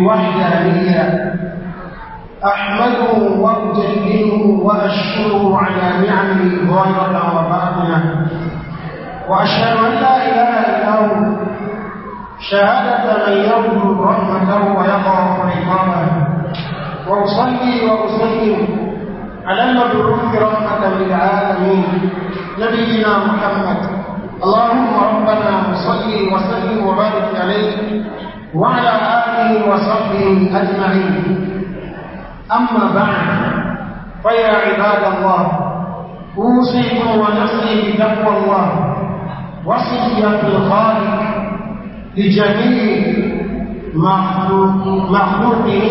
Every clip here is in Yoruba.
الوحدانية أحمده وأجلله وأشكره على نعمه ظاهرة وباطنة وأشهد أن لا إله إلا هو شهادة من يرجو رحمته ويخاف عقابه وأصلي وأسلم على المبعوث رحمة للعالمين نبينا محمد اللهم ربنا صل وسلم وبارك عليه وعلى آله آله وصحبه أجمعين أما بعد فيا عباد الله أوصيكم ونفسي بتقوى الله وصية الخالق لجميع مخلوقه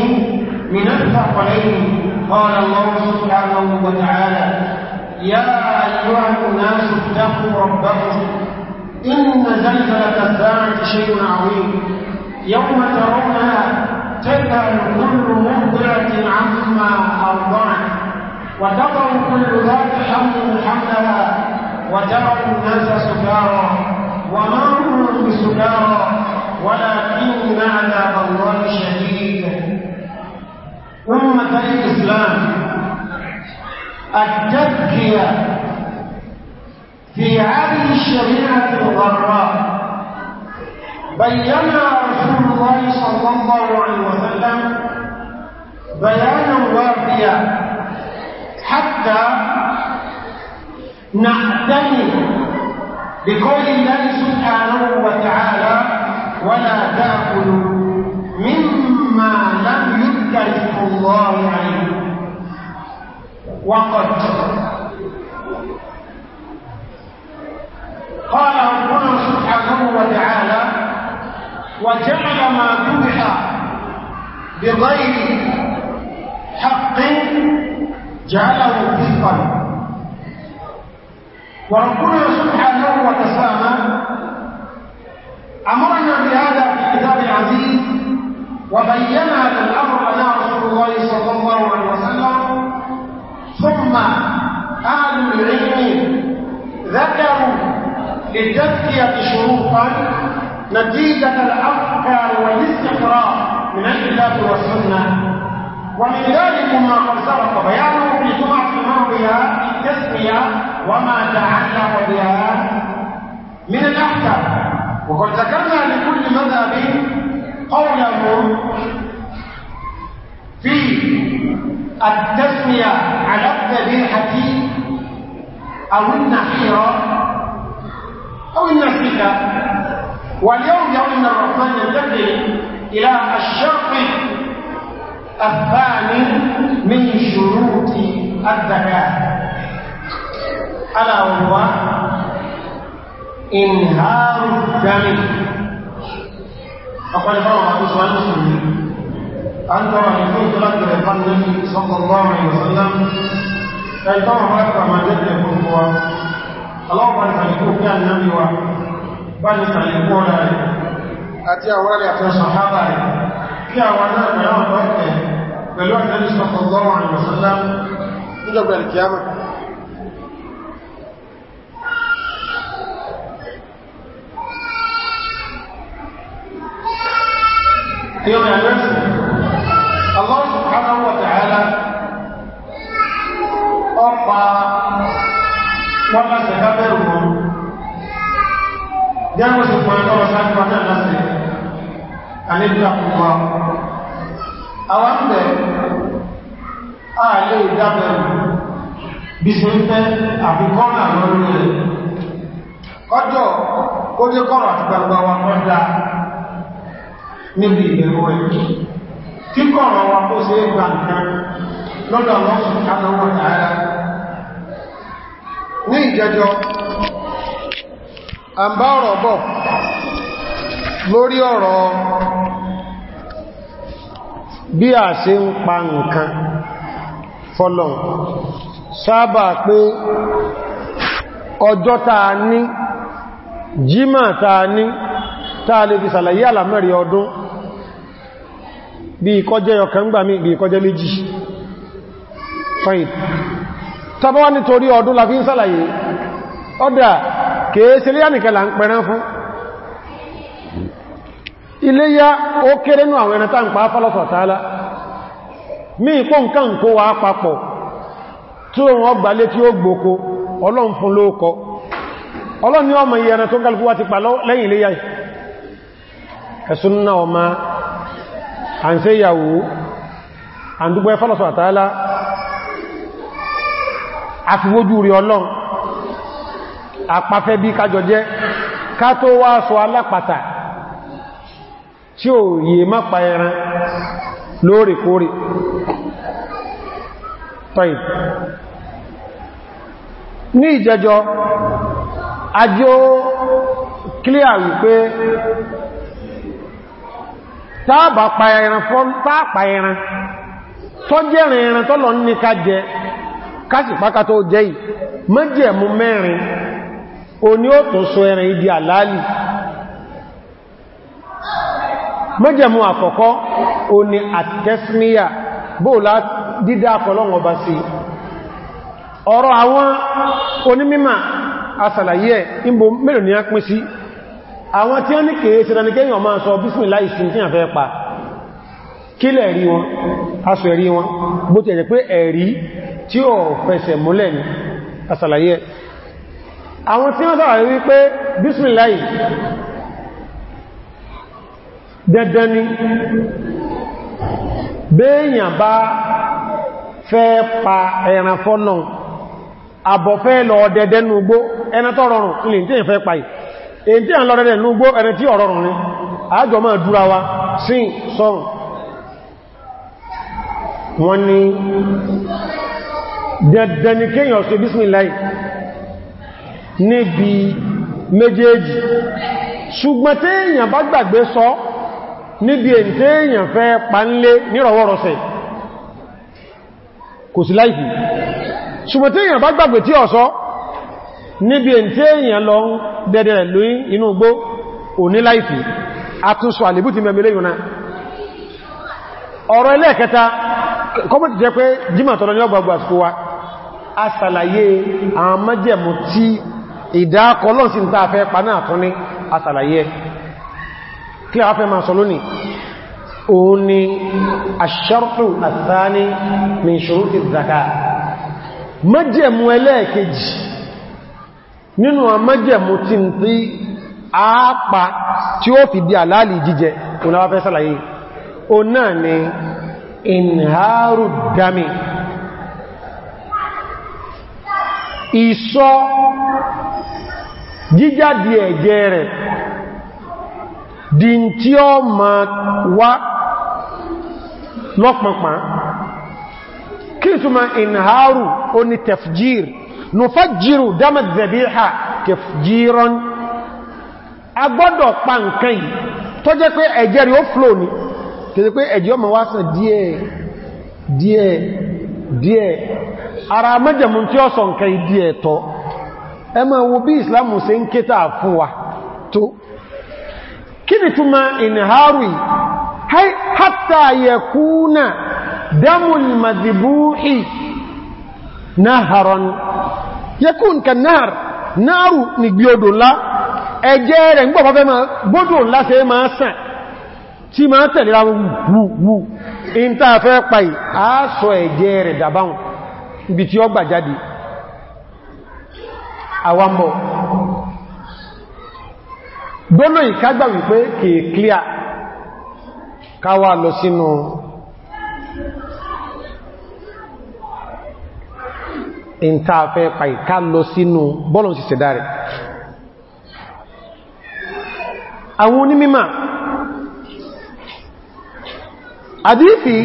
من الثقلين قال الله سبحانه وتعالى يا أيها الناس اتقوا ربكم إن زلزلة الساعة شيء عظيم يوم ترونها تذهل كل مرضعة عما أرضعت وتضع كل ذات حمل حملها وترى الناس سكارى وما هم بسكارى ولكن عذاب الله شديد أمة الإسلام التذكية في هذه الشريعة الغراء بينا رسول الله صلى الله عليه وسلم بيانا وافيا حتى نعتني بقول الله سبحانه وتعالى ولا تأكلوا مما لم يذكر الله عليه وقد قال ربنا سبحانه وتعالى وجعل ما ذبح بغير حق جعله رزقا وربنا سبحانه وتعالى أمرنا بهذا في كتاب العزيز وبين هذا الأمر لنا رسول الله صلى الله عليه وسلم ثم أهل العلم ذكروا للتزكية شروطا نتيجة الأفكار والاستقرار من الكتاب والسنة ومن ذلك ما قد سبق بيانه في جمعة الماضية التسمية وما تعلق بها من الأحكام وقد ذكرنا لكل مذهب قوله في التسمية على الذبيحة أو النحيرة أو النسيكة واليوم يوم الرحمن ينتقل إلى الشرط الثاني من شروط الذكاء ألا وهو إنهار الدم فقال الله عز وجل المسلمين أن ترى كنت لك النبي صلى الله عليه وسلم فالتوم أكثر ما جد يكون هو الله أن يكون كان النبي bá ní tàìlú ọ̀rọ̀ rẹ̀ àti àwọn rẹ̀ rẹ̀ kí àwọn náà mẹ́wọ̀n bá ẹ̀kẹ́ pẹ̀lú àtẹ́lú jambo tukuondoa sana nasi alikuwa kwa awambe ale dabe bisente abikona lori kojo kojo koro atugba wa koda níbi ìbẹ̀rù ẹ̀ tí kọ̀rọ̀ wa kó ṣe é gba nǹkan lọ́dọ̀ lọ́sùn kánáwọ̀ tààrà ní ìjẹjọ́ a ń bá ọ̀rọ̀ bọ̀ lórí ọ̀rọ̀ bí a ṣe ń pa nǹkan fọ́lọ̀n sábà pé ọjọ́ taa ní jímà taa ní taa lè fi sàlàyé àlàmẹ́rẹ̀ ọdún bí ìkọjẹ́ ọkàn gbà mí bí ìkọjẹ́ méjì fine tàbí wá nítorí ọdún la fi ń sàlàyé ọdá kèése léyà nìkan là ń pẹran fún iléyà ó kéré nú àwọn ẹran tá ń pa fọ́lọ́sọ̀ tààlá mí ìpó nǹkan kó wá papọ̀ tí ó wọ́n gbalé tí ó gbòkó ọlọ́run fún lóókọ ọlọ́run iye ti pa àpafẹ́ bí kájọ jẹ́ ká tó wá sọ alápàtà tí ò yè má pa ẹran lóòrèkóòrè tọ́yì ní ìjẹjọ́ ajó kílíà wípé táàbà pa ẹran fọ́n táàpà ẹran tó jẹ́rin ẹran tọ́lọ ní ká jẹ kásìpákà tó jẹ́ yìí mẹ́jẹ̀mú mẹ́rin o ní ó tún sọ ẹran ibi àlálì mẹ́jẹ̀mú àkọ́kọ́ o ní àtẹ́síníyà bóòlá dídá akọlọ́wọ́ bá sí ọ̀rọ̀ àwọn onímímà asàlàyé ìbò mélòó ní a pín sí àwọn tí ó ní kèé sí ìdánikẹ́yìn ọmọ sọ bísmìlá ìsìn tí a pa kí lẹ̀ rí wọn aṣọ ẹ̀rí wọn bó ti ẹ̀jẹ̀ àwọn tí wọ́n sọ̀rọ̀ wípé bísmìláì dandan ni béèyàn bá fẹ́ pa ẹran fọ́nà àbọ̀fẹ́ lọ dẹ̀dẹ̀ núgbó ẹna tó rọrùn ilẹ̀ tí ìfẹ́ pa èyí tí a ń dẹ̀dẹ̀ tí ni àjọ máa sí níbi méjèèjì ṣùgbọ́n tí èyàn bá gbàgbé sọ níbi èyí tí èyàn fẹ́ panlé nírọ̀wọ́rọ̀sẹ̀ kò sí láìfì ṣùgbọ́n tí èyàn bá gbàgbé tí ọ̀sọ́ níbi èyí tí èyàn lọ dẹ̀dẹ̀ lóyìn inú igbó òní láìfì àtúnṣọ àlébù ti mẹ́mẹ́lẹ́ yóná ọ̀rọ̀ ẹlẹ́ẹ̀kẹta ìdákọ̀ lọ́n sí ta fẹ́ pa náà tún ní asàlàyé kí a fẹ́ ma sọ lónìí òun ni aṣ-ṣarṭu ath-thānī min shurūṭi az-zakāh májẹ̀mú ẹlẹ́ẹ̀kejì nínú a májẹ̀mú tí ń tí a pa tí ó fi di àlàálì jíjẹ òun jíjáde ẹ̀jẹ́ rẹ̀ di tí ó ma wá lọ́pọ̀pá kí túnmà inharu o ni tefjir nufajiru dámà zẹ̀bíhà tefjiran agbọ́dọ̀ pa nǹkan yìí tó jẹ́ pé ẹ̀jẹ́ rí ó flow ni kìí pé ẹ̀jẹ́ ọmọ wá sàn díẹ̀ díẹ̀ díẹ̀ ara mẹ́jẹ̀mú tí ó sọ nǹkan yìí díẹ̀ tọ́ ẹ máa wo bí ìsìlámù ṣe ń kéta fún wa tó kí ni túnmà na hátà yẹkúnà màdìbúhì náhàrán ka náhàr náàrù ní gbí ńlá ẹjẹ́ rẹ̀ ma gbódò ńlá ṣe ma sàn tí máa tẹ̀lera wù in tàà fẹ́ pàì àásọ dabam rẹ̀ àwambọ̀ gbónà ìkágbà wípé kìí clear káwà lọ sínú ìntàfẹ́ pàìká lọ sínú bọ́lọ̀ sí sẹ̀dá rẹ̀ àwọn onímímà àdífì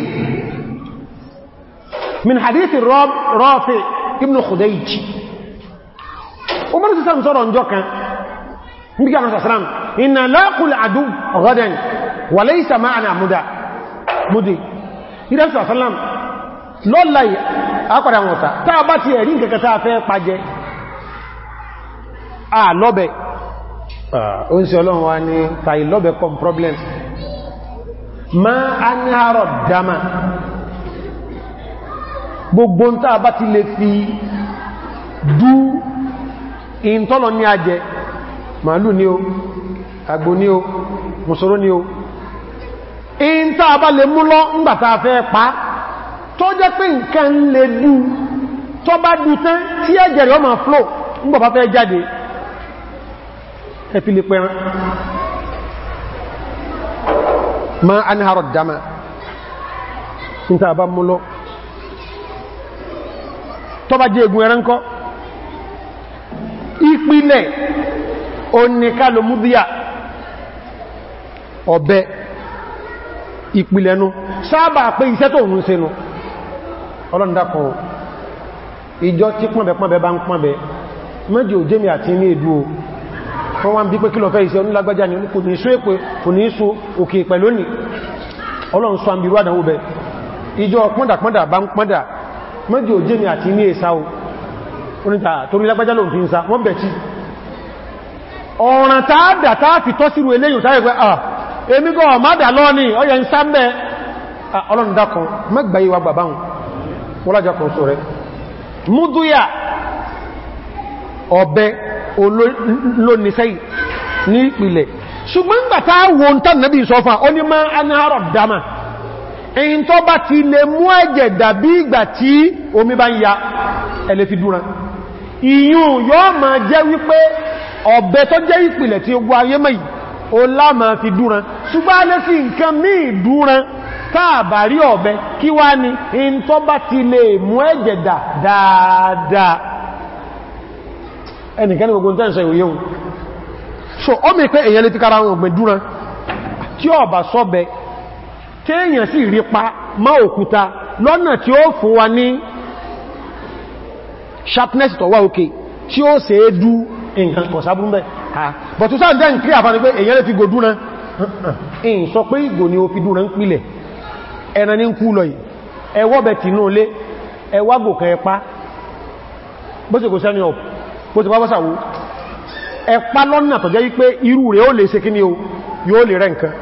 min hadithi rafi ibn khudayji umar sassan sọ́rọ̀ ǹjọ́ kan níbi kí a mọ́sà sàrán iná láàkùl àdú ọ̀gọ́dẹ̀n wà lẹ́ìsà máa na múdà múdì ìrẹ́sù àsánlám lọ́láì àpàdà wọ̀ta táà bá ti ẹ̀rí nǹkan tá a fẹ́ pàjẹ́ à lọ́bẹ̀ ah. ó ń ṣe ọlọ́run wá ní tàì gbogbo ń táà ti lè fi dú in tọ́lọ ní ajẹ́ màálù ní o àgbò ní o mùsùrú ní o in tá a bá lè mú lọ ńgbàtà fẹ́ pa tó jẹ́ pé nǹkan lè dú tó bá dú tán tí ẹ̀jẹ̀ ma flow ńgbàtà fẹ́ jáde ẹ̀fì lè pẹ̀rán ma anharọ̀ dama in tá a mú lọ tó bá jẹ́ egun ìpìlẹ̀ oníkàlò múdíà ọ̀bẹ ìpìlẹ̀nu sábà pé iṣẹ́ tó ń ṣe nù ọlọ́ndàkọ̀ ìjọ tí pọ̀nbẹ̀ pọ̀nbẹ̀ bá ń pọ̀nbẹ̀ mẹ́jì òjèmì àti ní èdú o wọ́n wá ń bí pé kí lọ fẹ́ iṣẹ́ onílágbájá ní kò ní ṣú èpè kò ní ṣú òkè pẹ̀lú ní ọlọ́run oníta ah, torí lágbàjá ló ń fi ń sa wọ́n bẹ̀ tí ọ̀ràn tààdà tààfi tọ́ sírù eléyìn tààrí pé à ah, èmi gan ọ̀mádà lọ́ní ọyẹ ń sáńbẹ̀ ah, ọlọ́ndakọ̀ mẹ́gbàyíwà bàbáhùn wọ́lájá kan sọ rẹ̀ múdúyà ọ̀bẹ olónisẹ́ ní ìpìlẹ̀ ṣùgbọ́n gbàtà wọn tán nàbí sọfà èyí tó bá ti lè mú ẹ̀jẹ̀ dàbí ìgbà tí omi bá ń ya ẹ̀lẹ́fi ìyún yóò ma jẹ́ wípé ọ̀bẹ tó jẹ́ ìpìlẹ̀ tí ogun ayé mẹ́ o fi dúran ṣùgbọ́n alẹ́ sí nǹkan míì dúran káàbà ọ̀bẹ kí wá ní in ti lè mú ẹ̀jẹ̀ dà dáadáa ẹnìkan gbogbo so ma okuta sharpness tó wà òkè tí ó se é dú nǹkan kọ̀ sábúrú mẹ́ ha but tó sáà dẹ́n kí àfáàní pé èyàn lè fi gò dúnà in sọ pé ìgò ni ó fi dúnà ń pìlẹ̀ ẹran ní kú lọ yìí ẹwọ́ bẹ̀ tì náà lé ẹwà gò kan ẹpa bó ti kò sẹ́ni ọ̀ bó ti bábọ́sà wú ẹpa lọ́nà tọ̀jẹ́ wípé irú rẹ̀ ó lè ṣe kíní o yóò lè rẹ̀ nǹkan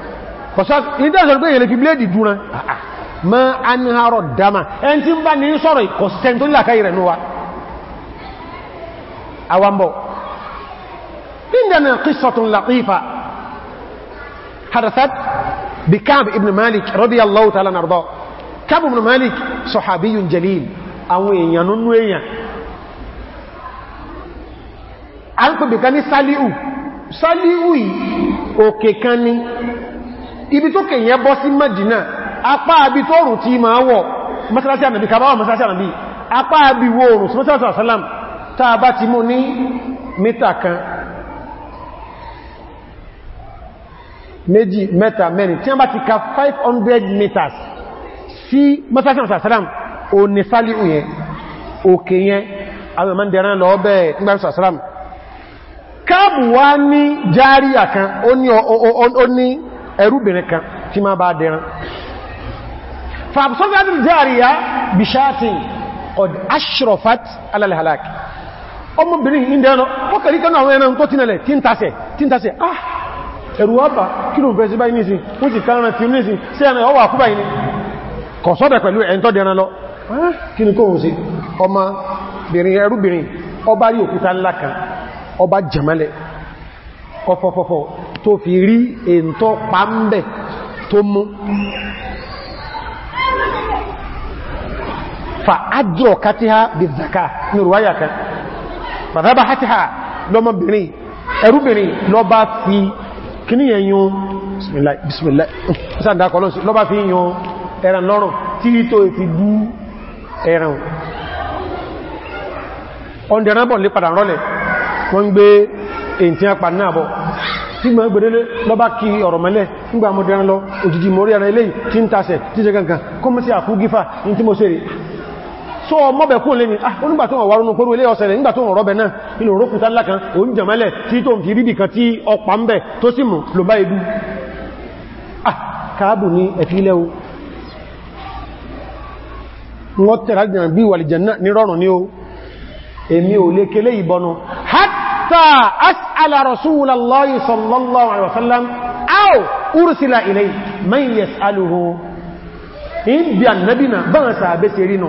kọ̀sọ́ ìdẹ́sọ̀ pé èyàn lè fi bléèdì dúnà ma anharo dama ẹni tí ń bá ní sọ̀rọ̀ ìkọ̀sẹ̀ tó nílàkà ìrẹ̀nú wa awambo عندنا قصة لطيفة حدثت بكعب ابن مالك رضي الله تعالى نرضاه كعب ابن مالك صحابي جليل àwọn èèyàn nínú èèyàn a ń pèbè kan ní saliu saliu yìí òkè kan ní ibi tó kèyàn bọ́ sí Madina apá abi tó rùn tí ma wọ̀ masalasi ànàbí kàbáwà masalasi ànàbí apá abi wo rùn sí masalasi àsálàmù tá a bá ti mú ní mítà kan méjì mẹ́ta mẹ́rin tí a bá ti ka 500 meters sí mọ́sáṣẹ́ mọ́sàsàrán o ní sálí ìyẹn òkè yẹn àwọn ọmọ ìdẹ̀rán lọ bẹ́ nígbà mọ́sàsàrán káàbù wá ní járíyà kan ó ní ẹrúbìnrin kan tí ma bá dẹ̀rán fàbùsọ́fẹ́ járíyà bishaatin qad ashrafat ala al-halak ọmọbìnrin ní ẹ̀nà ó kẹ̀rí kánà àwọn ẹran tó tínẹ̀lẹ̀ tí ń tasẹ̀ tí ń tasẹ̀ ah ẹ̀rù ọba kí ló fẹ́ sí báyìí nìsìn ó sì kánà tí ó nìsìn sí ẹ̀nà ọwà kú báyìí kọ̀ sọ́dẹ̀ pẹ̀lú ẹ̀ntọ́ dẹran lọ ah! kí ni kó wù sí ọmọbìnrin ẹrúbìnrin ọba rí òkúta fa ájọ̀ kátíhá bí zaka ní ruwáyà bàbá hátìhà lọ́mọbìnrin ẹrúbìnrin lọ́bá fi kíní ẹ̀yún bismillah lọ́bá fi yún ẹran lọ́rùn tí tó fi bú ẹran ọ̀ndẹ̀rẹ́bọ̀ lè padà rọ́lẹ̀ wọ́n gbé èyí tí a pa náà bọ̀ tí gbọ́n gbẹ̀rẹ́ lọ́bá kí ọ̀rọ̀ mẹ́lẹ̀ nígbà mọ̀dẹ̀rẹ́ lọ òjìjì mọ̀rí ara ilé tí ń tasẹ̀ tí jẹ́ gangan sọ ọmọbẹ̀ kún lè ní ah, onígbà tó wọ́n wà rúnú pẹ̀lú ilé ọ̀sẹ̀lẹ̀ nígbà tó wọ́n rọ́bẹ̀ náà inú òrókúta lákan òun jẹ̀mẹ́lẹ̀ tí tó ń fi ríbì kan tí ọpa ń bẹ̀ tó sì mú ló bá ibú ah, káàbù ní ẹ̀fílẹ̀ o wọ́n tẹ̀rà jẹ̀ bí wà lìjẹ̀nà ní rọrùn ní o èmi ò lè in bi annabina ban sa be serino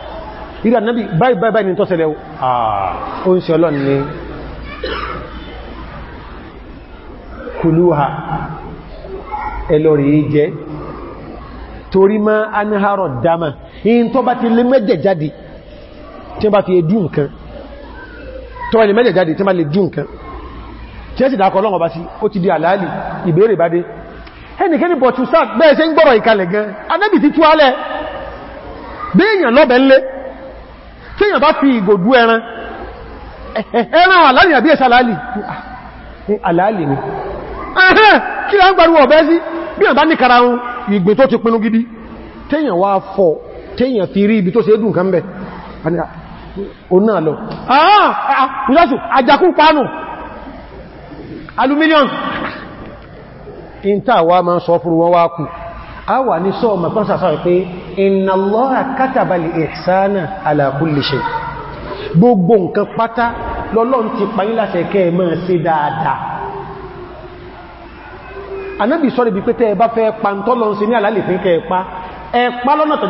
ìrìn ànábì báyìí báyìí ní tọ́sẹ̀lẹ̀ ah. ó ń ṣe ọlọ́n ni kùlúhà ẹlọ́rì jẹ́ torí ma anáhàrọ̀ dáma in tó bá ti lè mẹ́jẹ̀ jáde tí bá fi edú nǹkan tó bá lè mẹ́jẹ̀ jáde tí bá lè dú nǹkan tí ẹ́ sì dákọ̀ ọlọ́wọ́ bá sí ó ti di àlàálì ìbéèrè bá dé ẹnikẹ́ni bọ̀tù bẹ́ẹ̀ ṣe ń gbọ́rọ̀ ìkalẹ̀ gan anábì ti tú alẹ́ bí tí bá fi ìgòdú ẹran ẹran àlàlì àbí ah, eh, ni kí a ń gbàrú ọ̀bẹ́ sí bí àbá ní kara ohun tó ti pinnu gidi téèyàn wá fi rí ibi tó ṣe dùn kan bẹ̀ ah, lọ ah, aluminium sọ fún wọn a wà ní sọ ọmọ kan sàsáwì pé inna Allaha kataba al-ihsana ala kulli shay gbogbo nǹkan pátá lọ́lọ́n ti pàyín láti ẹ̀kẹ́ ẹ̀mọ́ sí dáadáa anábì sọ níbi pé tẹ́ ẹ bá fẹ́ pàntọ́lọ́n sí ní àlálì fún kẹ́ẹ̀pá ẹ̀pá lọ́nà tọ́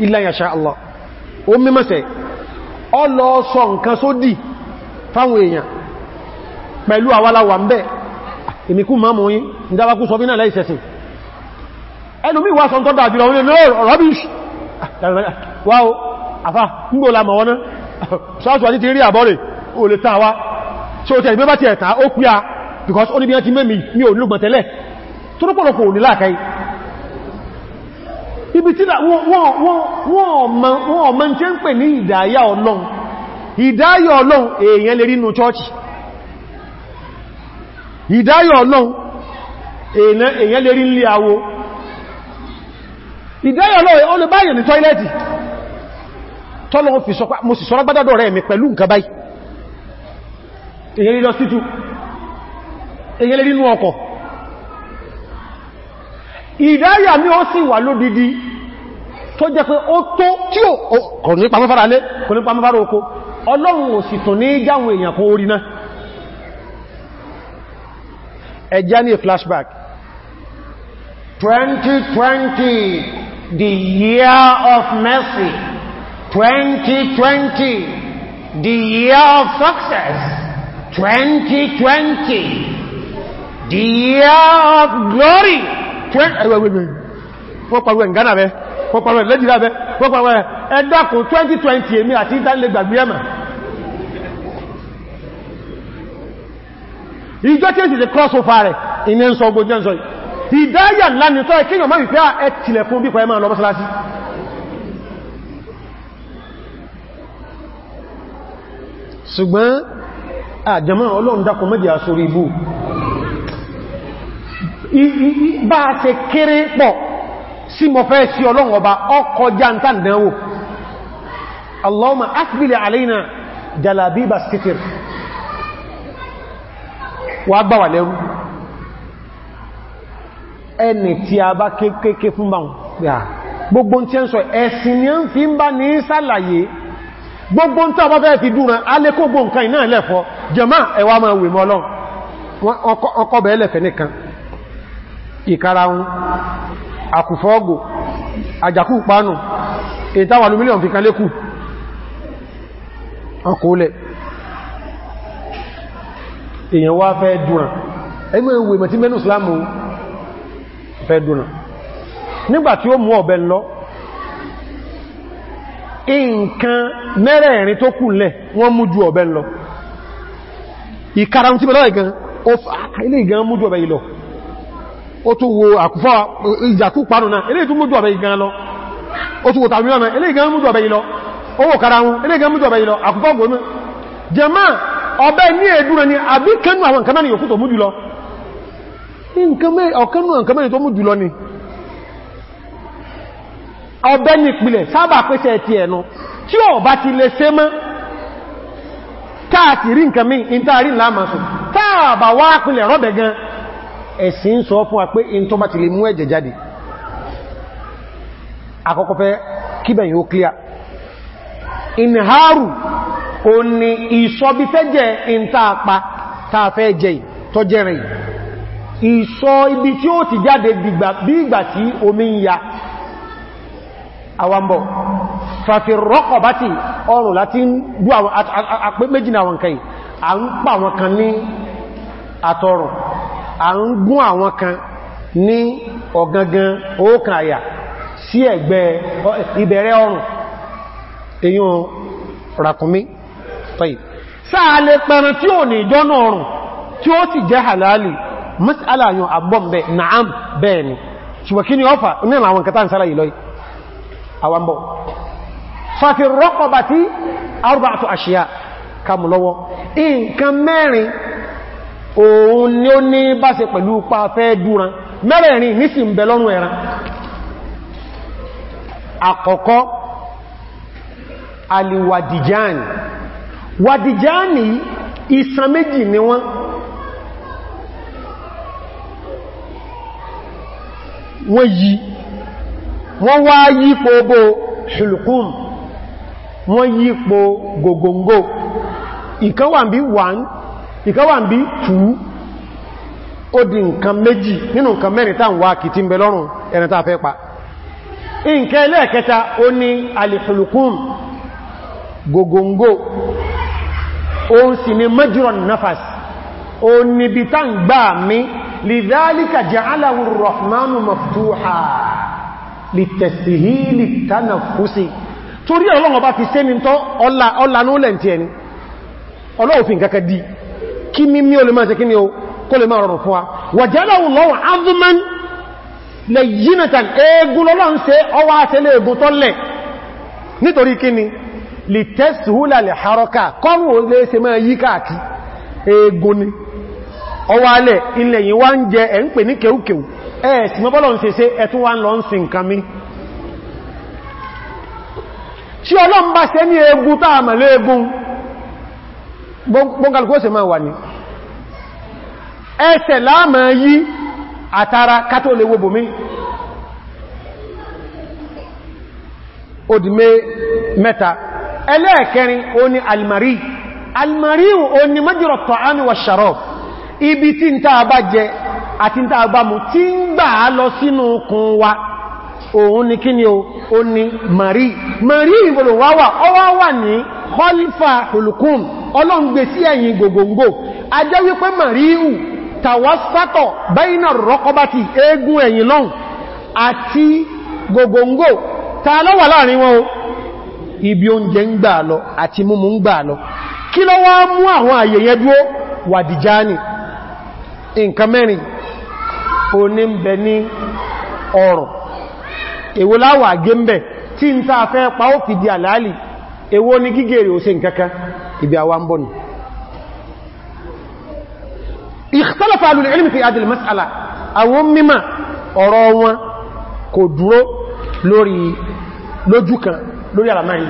illa yasha Allah ó mímọ̀sẹ̀ ọ lọ sọ nǹkan sódì fáwọn èèyàn pẹ̀lú àwálàwà ń bẹ́ ìmìkú mọ́mù yí ìdábakú sọ bínà láìsẹ̀sìn ẹlùmí wá sọ́ntọ́ dàbí ọ̀rọ̀ because ó ní bí wọ́n ti mẹ́mí ní olùgbọ̀n tẹ́lẹ̀ tó rọ́pọ̀lọpọ̀ òní láàkáyìí ibi tí wọ́n ọmọ tí ń pè ní ìdáyà ọlọ́run ìdáyà ọlọ́run èèyàn lè rínú chọ́ọ̀chì ìdáyà ọlọ́run èèyàn lè rí nílé awo ìdáyà ọlọ́run ó lè báyẹ̀ ní tọ́ílẹ̀tì tọ́lọ́ fi sọ mo sì sọ́rọ̀ gbádọ́dọ̀ rẹ̀ mi pẹ̀lú nǹkan báyìí èèyàn lè lọ sítú èèyàn lè rínú ọkọ̀ ìdáyà mi ó sì wà lódidi tó jẹ́ pé ó tó tí ó kò ní pamọ́ fara lé kò ní pamọ́ fara oko ọlọ́run ò sì tún ní jáwọn èèyàn kó orí náà ẹjá ní flashback 2020 the year of mercy 2020 the year of success 2020 the year of glory Eh, wọ́n parú ẹ̀ Ghana bẹ́ wọ́n parú ẹ̀ lẹ́jìdá bẹ́ wọ́n parú ẹ̀ ẹ̀dàkùn 2020 èmi àti ìdánilẹ̀ gbàgbé ẹ̀mà ìjọ́ tí èsì lè crossover rẹ̀ iné ń sọ ogbó jẹ́ ń sọ ìdáyà ńlá ni tọ́ ẹ̀kíyàn máa wípé ah, ẹ tilẹ̀kùn bí kọ̀ ẹ máa lọ mọ́sálásí ṣùgbọ́n àjẹmọ́ ọlọ́run dákùn méjì àsorí ibú bá a ṣe kéré pọ̀ sí mọ̀ fẹ́ sí ọlọ́run ọba ọkọ̀ jántà dánwò allahumma asbili alaina jalabi baskitir wà gbà wà lẹ́rú ẹni tí a bá kéèké fún bá gbogbo tí ẹ ń sọ ẹ̀sìn ni ń fi ń bá ní sàlàyé gbogbo tí a bá fẹ́ fi dúran alékógbò nǹkan ìná ẹ̀lẹ́fọ́ jẹ́mà ẹwà máa wè mọ́ ọlọ́run ọkọ̀ bẹ̀ẹ́lẹ̀fẹ́ nìkan ìkarahun àkùfọ́ọ̀gò àjàkú pánù ìtawà ní mílíọ̀n fi kan lékù ọkọ̀ọ́lẹ̀ èyàn wá fẹ́ dùnà ẹgbẹ́ ìwé mẹ́tí mẹ́nu islamu fẹ́ dùnà nígbàtí ó mú ọ̀bẹ lọ nǹkan mẹ́rẹ̀ẹ̀rin tó kù wọ́n mú ju ọ̀bẹ lọ ìkarahun tí mẹ́lọ́ ìgan ó fà ilé ìgan mú ju ọ̀bẹ yìí lọ ó tún wo àkùfọ́ ìjàkú parù náà ilé ìtún mújú ọ̀bẹ̀ ìgan lọ ó tún wo tàbí ọmọ ilé ìgan mújú ọ̀bẹ̀ ìlọ owó kara wọn ilé ìgan mújú ọ̀bẹ̀ ìlọ àkùfọ́ gbónú jẹma ọ̀bẹ̀ ní ẹ̀dúnrẹ̀ ni àbí kẹ́nu àwọn nǹkan mẹ́rin yòókù tó ni ẹ̀sìn sọ fún wa pé in tó bá ti lè mú ẹ̀jẹ̀ jáde àkọ́kọ́ fẹ́ kíbẹ̀ yóò clear inharu o ni ìsọbi fẹ́ jẹ́ in tààpa tààfẹ́ jẹ́ tó jẹ́rin ìsọ ibi tí ó ti jáde bí ìgbà tí omi ń ya awambo, fàfi rọ́kọ̀ bá ti ọrùn láti ń bú àwọn àpé méjì kan ní àtọrùn a ń gún àwọn kan ní ọ̀gangan oókan àyà sí ẹ̀gbẹ́ ìbẹ̀rẹ̀ ọrùn èyàn ràkúnmí tọ́yì sáà lè pẹran tí ò ní ìjọ́nà ọrùn tí ó jẹ́ halali na'am bẹ́ẹ̀ ni ni ọfà ní àwọn òun ni ó ní bá ṣe pẹ̀lú pa fẹ́ dúran mẹ́rẹ̀rin nísì ń bẹ lọ́rùn ẹran àkọ́kọ́ aliwadijani wadijani iṣan méjì ni wọ́n wọ́n yí wọ́n wá yípo bó ṣùlùkùn wọ́n yípo gògóngò ìkan wà bí 1 ìkan wà ń bí tù ó di nǹkan méjì nínú nǹkan mẹ́rin tàn wá kì tí ń bẹ lọ́rùn ẹni tàà fẹ́ pa nǹkan ẹlẹ́ẹ̀kẹta ó ní alìfulukún gògóngó ó sì ní majron nafas ó níbi tàn gbà mí lidhalika ja'alahu rahmanu maftuha litẹ̀sìhìlì tánàfúsì di kí mímí o lè máa ṣe kí ni o kó lè máa rọrùn fún wa wàjálàwù lọ́wọ́ azman lè yínatan eegun lọ́lọ́n se ọwá àtẹ́lẹ̀ egun tọ́lẹ̀ nítorí kí ni lè tẹ́sùhúlà lè harọ́ka kọ́rù o lè ṣe máa yí se se ẹ̀tún wá ń lọ ń sin nǹkan bọ́nkàlùkú ṣe máa wà ní ẹsẹ̀ láàmà yí àtàrà kátó lè wòbò mí ó di mẹ́ta ẹlẹ́ẹ̀kẹrin ó ní almari almari ó ní majra ta'ami wa sharab ibi tí ń tàbá jẹ àti ń tàbá mu tí ń gbà lọ sínú kun wa òun ni kí ni o ó ní marí marí ìbòlò wáwà ọwá wà ní khalifa hulukun ọlọ́ngbé sí ẹ̀yìn gbogbogbò a jẹ́ wípé marí ìhù tàwásátọ̀ bẹ́yìnà rọ́kọbátì eégún ẹ̀yìn lọ́n àti gbogbogbò ta ló wà láàrin wọn o ibi oúnjẹ ń gbà lọ àti múmú ń gbà lọ kí ló wá mú àwọn àyè yẹn dúró wàdìjáni nǹkan mẹ́rin oní ń bẹ ní ọrùn èwo láwà gẹ́m̀bẹ̀ tí ń tàà fẹ́ pa ó fìdí àlàálì èwo ní gígèrè òsè nkankan ibi àwa ń bọ́nù ikhtalafa alul ilmi fi adil mas'ala àwọn mímọ̀ ọ̀rọ̀ wọn kò dúró lórí lójú lórí àlàmárì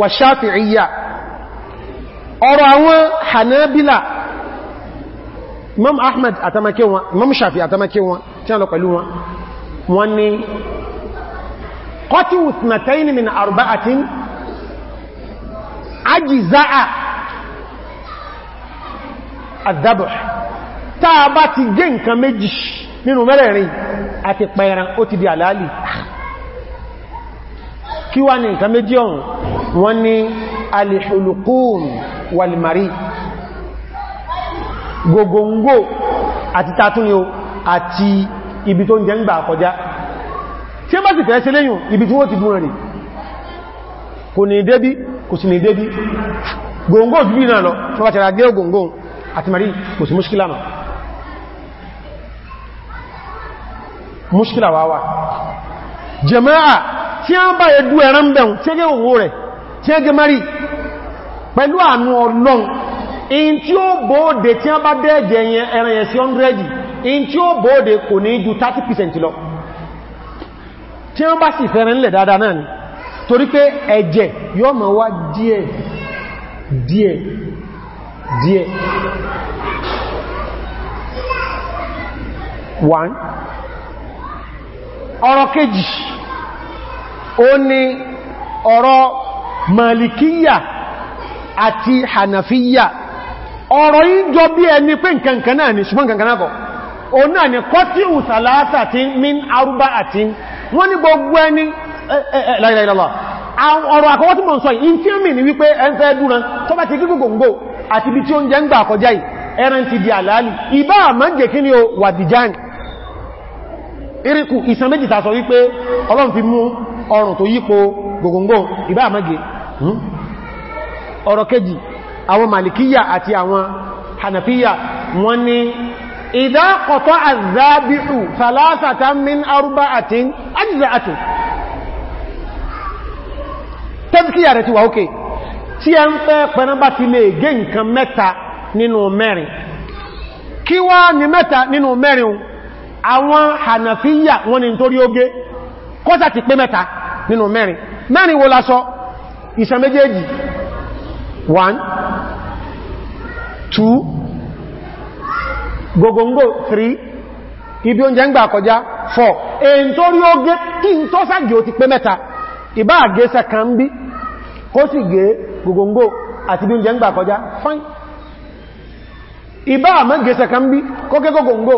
wa shafi'iyya ọ̀rọ̀ àwọn hanabila imam ahmed atamake wọn imam shafi atamake wọn tí a lọ pẹ̀lú wọn wọn ni qatlu ithnatayn min arba'atin ajza'a adh-dhabh táa bá ti gé nǹkan méjì nínú mẹ́rẹ̀rin àti pẹ̀ran ó ti di àlàálì kí wá ní nǹkan méjì ọ̀hún wọ́n ni alìṣòlùkún wàlìmàrí gogongó àti tatúnyó àti ibi tó ń jẹ ń gbà kọjá tí a bá ti fẹ́ sí lẹ́yìn ibi tí wọ́n ti dúnrẹ̀ kò ní débí kò sí ní débí gòǹgò jù bí náà lọ tó bá ti ra àti marí kò sí múṣkílà náà múṣkílà wà wà jẹ̀máà pẹ̀lú àánú ọlọ́n in tí ó bóòdè tí a bá dẹ́ẹ̀jẹ̀ yẹn ẹran yẹn sí 100 in tí ó bóòdè kò ní ju 30% lọ tí a bá sì fẹ́rẹ̀ ńlẹ̀ dáadáa náà ni torí pé ẹ̀jẹ̀ yóò máa wá díẹ̀ díẹ̀ díẹ̀ one ọ̀rọ̀ kejì ó ní ọ̀rọ̀ màlìkíyà àti hanafiya ọ̀rọ̀ ìjọ bí ẹni pé nkankan náà ni ṣùgbọ́n náà kọ̀ o náà ni kọ́ tí ò sàlátà tí min arúbá àti wọ́n ní gbogbo ẹni ọ̀rọ̀ àkọ́kọ́ tí mọ̀ sọ yìí tí ó mì ní wípé ẹnfẹ́ dúran tó bá ti kí gbogbo àti tí ó ń ń gbà ẹran ti di àlàálì ìbá kí ni ìsan ọ̀rọ̀ kejì àwọn malikiya àti àwọn hanafiya wọ́n ní idha qata'a az-zabi'u thalathatan min arba'atin ajza'atu tẹ́bíkíyà rẹ̀ ti wà ókè tí ẹ ń fẹ́ pẹ̀nàbá ti lè gé nǹkan mẹ́ta nínú mẹ́rin kí wá ní mẹ́ta nínú mẹ́rin àwọn hanafiya wọ́n ní nítorí oge kọ́sà ti one two gogongo three ibi oúnjẹ ń gbà kọjá four èyí tó rí ogé kí n tó ságé ó ti pé mẹ́ta ìbá àgẹ́sẹ̀ kan bí kó sì gé gogongo àti bí oúnjẹ ń gbà kọjá fine ìbá àmọ́gẹ́sẹ̀ kan bí kó gé gogongo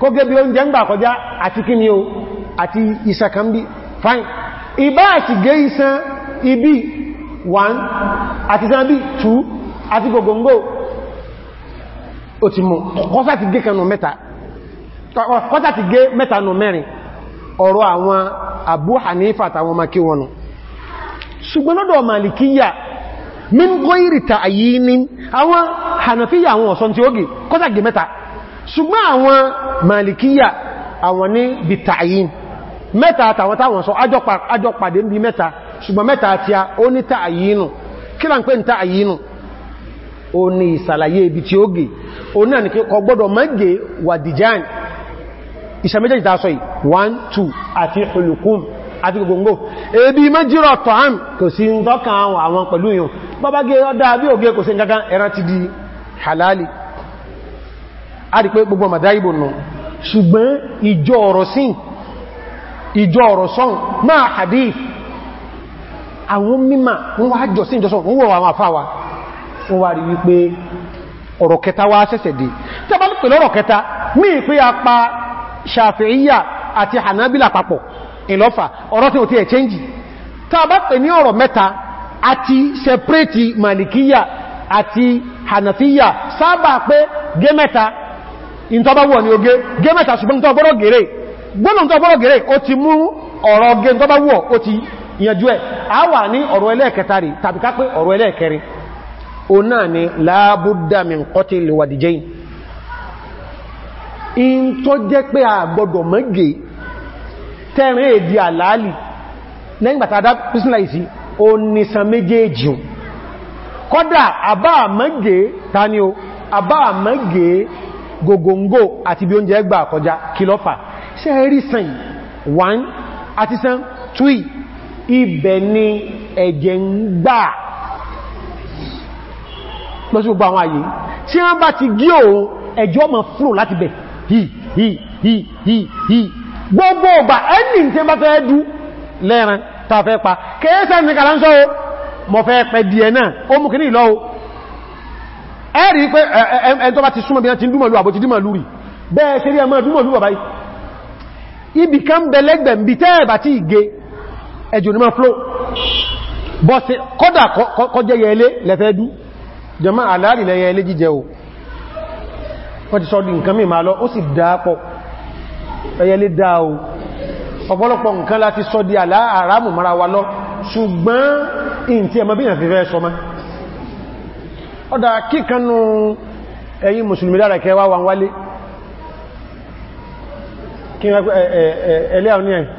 kó gé bí oúnjẹ ń gbà kọjá àti kí ni o àti ìsẹ̀ kan bí fine ìbá àti gé isan ibi one àti zambi 2 àti gògóngò ó ti mú kọ́sá ti gé kanù mẹ́ta kọ́sá ti gé mẹ́ta nù mẹ́rin ọ̀rọ̀ àwọn Abu Hanifa àtàwọn makí wọnù ṣùgbọ́n lọ́dọ̀ Màlìkíyà min gọ́ìrìta àyí ní àwọn Hanafiya àwọn ọ̀sán tí ó gè kọ́sá gé mẹ́ta ṣùgbọ́n àwọn Màlìkíyà àwọn ní bìtàyín mẹ́ta àtàwọn táwọn sọ ajọ́pàdé ń bí mẹ́ta ṣùgbọ́n mẹ́ta àti a ó ní tààyínù kílà ń pè ń ta àyínú o ní ìsàlàyé ibi tí ó gè o náà ní kọ gbọ́dọ̀ mẹ́gẹ wàdìjáàn ìṣàmẹ́jẹ́ ìta sọ yìí 1 2 àti hulukun àti gbogbo ebi mẹ́jírọ̀ tọ́hán halali a gbogbo ìjọ ọ̀rọ̀ ìjọ ọ̀rọ̀ máa àwọn mímà wọ́n wá jọ sí ìjọsọ wọ́n wọ́n àwọn àfáwà wọ́n wá rí wípé ọ̀rọ̀ kẹta wá sẹ́sẹ̀ dé tí a bá ní pẹ̀lú kẹta mí pé a pa àti Hanabila papọ̀ ìlọ́fà ọ̀rọ̀ tí ó ti ẹ̀ chẹ́njì tí a bá pè ní ọ̀rọ̀ mẹ́ta àti sẹpẹ́rẹ́tì Hanafiya sábà pé gé mẹ́ta ìntọ́báwọ̀ ni oge gé mẹ́ta ṣùgbọ́n tọ́gbọ́rọ̀ gẹ̀rẹ́ gbọ́nà tọ́gbọ́rọ̀ gẹ̀rẹ́ ó ti mú ọ̀rọ̀ gẹ́ ó ti yanjú ẹ̀ a wà ní ọ̀rọ̀ ẹlẹ́ẹ̀kẹta rí tàbí ká pé ọ̀rọ̀ ẹlẹ́ẹ̀kẹrin o náà ni láàbúdà min qatil wadijain in tó jẹ́ pé a gbọdọ̀ mọ́gẹ̀ tẹ́rin èdè àlàálì lẹ́yìn gbàtàdá písìnláìsí o nìsan méjèèjì kọ́dà àbá mọ́gẹ̀ tani o àbá mọ́gẹ̀ gògóngò àti bí oúnjẹ gbà kọjá kìlọ́fà 1 àti sàn 2 ibẹ̀ ni ẹ̀jẹ̀ ń gbà lọ́sí gbogbo àwọn àyè tí wọ́n bá ti gí òun ẹ̀jẹ̀ ọmọ flow láti bẹ̀ hì hì hì hì hì gbogbo ọba ẹni tí bá fẹ́ dú lẹ́ran ta fẹ́ pa kẹ́ẹ́sẹ̀ ní kàlá ń sọ o mọ̀ fẹ́ pẹ̀ díẹ̀ náà ó mú kìí lọ o ẹ̀rí pé ẹn tó bá ti súnmọ̀ bí i ti dúmọ̀lú àbò ti dúmọ̀lú rí bẹ́ẹ̀ ṣe rí ẹmọ́ dúmọ̀lú bàbá ibì kan bẹ̀lẹ́gbẹ̀ bí tẹ́ẹ̀bà tí ìgé ẹjù onímọ̀ flow bọ́sí kọ́dà kọjẹ́ yẹlé lẹ́fẹ́ dú jẹmọ́ àláàrí lẹ́yẹ ilé jíjẹ o wọ́n ti sọ́dí nǹkan mìí lọ ó sì dáapọ̀ ẹyẹlé dáa o ọ̀pọ̀lọpọ̀ nǹkan láti sọ́dí àrámù mara wa lọ ṣùgbọ́n in ti ẹmọ bíyàn fi fẹ́ sọmá ọ̀dá kíkanú ẹ̀yin mùsùlùmí dára kẹwàá wọn wálé kí ẹlẹ́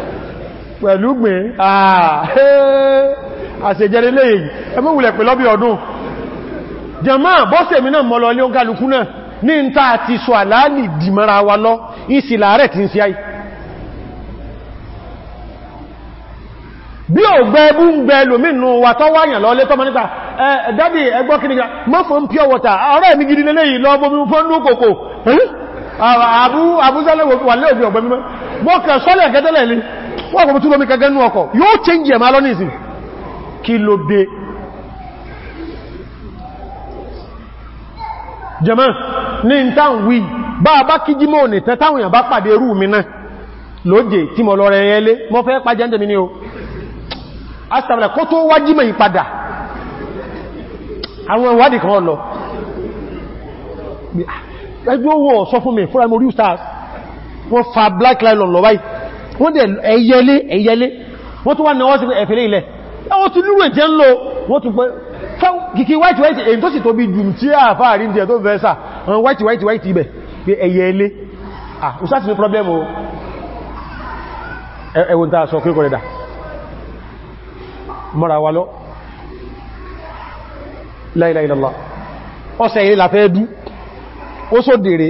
pẹ̀lú gbìn ah, eh, àṣẹjẹrẹ lẹ́yìn ẹmọ́wùlẹ̀ pẹ̀ lọ́bí ọdún jẹmọ́ bọ́sẹ̀ mi náà mọ́lọ ilé oúnkàlùkú náà ní ń ta àti sọ àlàálì wa lọ ìsì láàrẹ̀ tí ń sí ayi. bí ò gbẹ́ ẹbú ń gbẹ́ tọ́ wáyàn lọ lé tọ́mọ́ nípa ẹ̀dádì ẹgbọ́ kìnnìyàn mọ́ fún pure water gidi lọ fún ní wà lé òbí ọ̀gbẹ́mímọ́ mọ́ wọ́n kò mú túnlọ́mí kẹgẹ́ ọkọ̀ yóò change ẹ̀mà lọ́nìsìn kí ló dé jẹmọ́ ní ìtàn wí bá bá kí jí mọ́ nìtẹ́ táwọn èèyàn bá pàdé rú mi náà lóòjè tí mọ̀ lọ́rẹ̀ ẹ̀yẹ lé mọ́ fẹ́ pàjẹ́ ǹdẹ̀mí ní o astagfirullah kó tó wá jímọ̀ ìpadà àwọn ẹgbẹ́ owó sọ fún mi fúra mọ̀ rí stars wọ́n fa black line lọ báyìí wọ́n dẹ̀ ẹyẹlé ẹyẹlé wọ́n tó wá náwọ́ sí ẹ̀fẹ́lé ilẹ̀ ẹwọ́ tó lúrù ẹ̀jẹ́ ń lò wọ́n tó pẹ́ kìkì white white èyí tó sì tó bí jù tí a fà rí jẹ tó vẹ́sà wọn white white white ibẹ̀ pé ẹyẹlé ah usasi ní problem o ẹwọ́n tàà sọ kíkọ̀ rẹ̀dà mọ́ra wa lọ la ilaha illallah ọ̀sẹ̀ ilé la fẹ́ dú ó sódèrè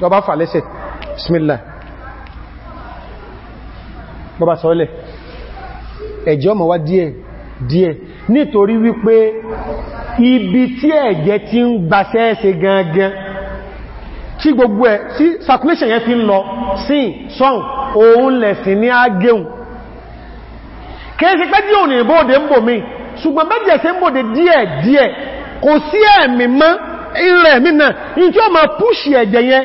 tó bá fà lẹ́sẹ̀ bismillah bọ́bá sọ́lẹ̀ ẹ̀jẹ̀ ọmọ wá díẹ̀ díẹ̀ nítorí wípé ibi tí ẹ̀jẹ̀ ti ń gbàṣẹ́ẹ̀ṣe gangan tí gbogbo ẹ̀ sí circulation yẹn fi ń lọ sí sọ́n òun lẹ̀sìn ní ágéun kèèsì pé díò ní ìbóòdè ń bò mí ṣùgbọ́n mẹ́jẹ̀ sí ń bòdè díẹ̀ díẹ̀ kò sí ẹ̀mí mọ́ ilẹ̀ mí náà in tí ó ma púṣì ẹ̀jẹ̀ yẹn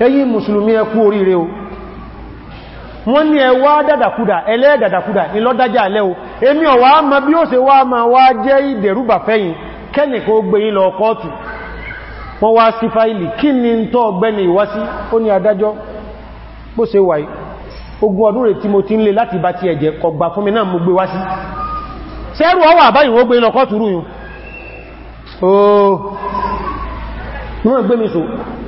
Eyi mùsùlùmí ẹ kú oríire o wọ́n ní ẹwà dàdàkúdà ẹlẹ́ dàdàkúdà ìlọ́dájá alẹ́ o èmi ọ̀wà ma bí ó ṣe wá ma wá jẹ́ ìdẹ̀rúbà fẹ́yìn kẹ́nìkó gbẹ̀yìn lọ kọ́ọ̀tù wọ́n wá sí fáìlì kí ni ń tọ́ ọgbẹ́ni ìwásí ó ní adájọ́ bó ṣe wà ogun ọdún tí mo ti ń láti bá ti ẹ̀jẹ̀ kọgbà fún mi náà mo gbé wá sẹ́rù ọwà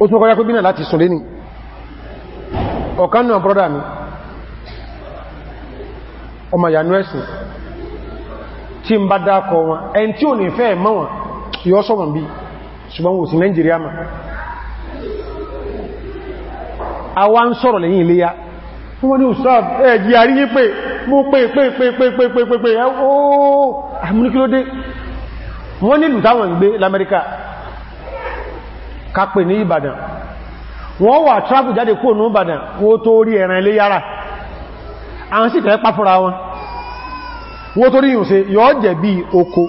ó tún kọjá pé bínà láti sùn lé ní ọ̀kan náà brọ́dà mi ọmọ ìyànú ẹ̀sìn tí ń bá dákọ wọn ẹn tí ò ní fẹ́ mọ́ wọn yóò sọ wọn bí ṣùgbọ́n wò sí Nàìjíríà ma a wá ń sọ̀rọ̀ lẹ́yìn iléyá wọ́n ní ustaz ẹ̀jì àríyí pé mú pé pé pé pé pé pé pé pé ooo àmúnikílódé wọ́n nílùú táwọn ń gbé l'Amẹ́ríkà kápẹ̀ ní ìbàdàn wọ́n wà travel jáde kúrò ní ìbàdàn wọ́n tó rí ẹran ilé yára àwọn sì tẹ́ pàfúra wọn tó rí yùn oko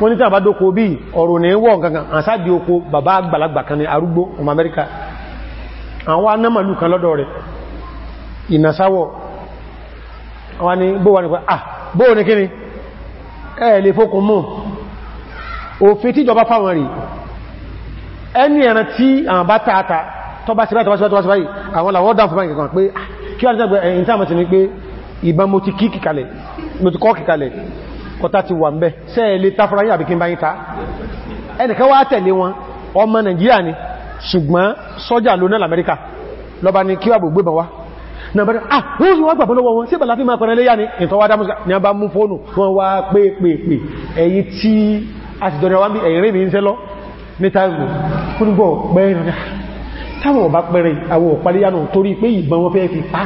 wọ́n ní tí àbá dóko bí ọ̀rọ̀ ní gangan asadi oko bàbá àgbàlagbà kan ní arúgbó ọmọ amẹ́ríkà àwọn anámàlù ni ah fáwọn ẹni ẹran tí àwọn bá tààtà tó bá síbáyì tó bá síbáyì tó bá síbáyì àwọn làwọ́ dáa fún báyìí kan pé ah, kí wà nígbà ẹ̀yìn tí a mọ̀ sí ta fúnra yìí àbíkín báyìí ta ẹnìkan wá tẹ̀lé wọn ọmọ Nàìjíríà ni ṣùgbọ́n ah wọ́n sì wọ́n gbà bọ́lọ́wọ́ wọn sí ìbàlá fi máa pẹ̀rẹ̀ léyà ní ìtọ́wádá mọ́síkà ní a bá mú fóònù wọn wá pé pé pé èyí tí a ti dọ̀rẹ̀ bí ẹ̀yìn rẹ̀ mi ń sẹ́lọ́ nítàgbò kúrúgbọ́ pẹ́ẹ̀rẹ̀ táwọn ọba pẹ̀rẹ̀ àwọn òpàlẹ́yànà torí pé ìbọn wọn fẹ́ fi pa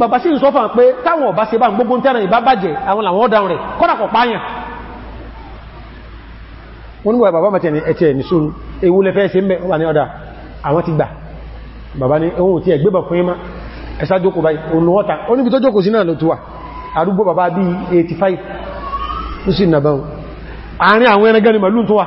bàbá sí ìsọ́fà pé táwọn ọba ṣe bá ń gbogbo tẹ́rẹ̀ ìbá bàjẹ́ àwọn làwọn ọ̀dá rẹ̀ kọ́nàkọ̀ páyàn wọ́n níwọ̀ bàbá mẹ́tẹ̀ ní ẹ̀tẹ̀ ní sóòrù ewu lẹ́fẹ́ ṣe mẹ́ wà ní ọ̀dá àwọn ti gbà bàbá ní ohun tí ẹgbẹ́bọ̀ fún ẹmá ẹ̀sá jókòó báyìí olùwọ́ta ó níbi tó jókòó sí náà ló túwà arúgbó bàbá bí 85 ó sì nàbáhùn àárín àwọn ẹnẹgẹ́ ni màlúù tó wà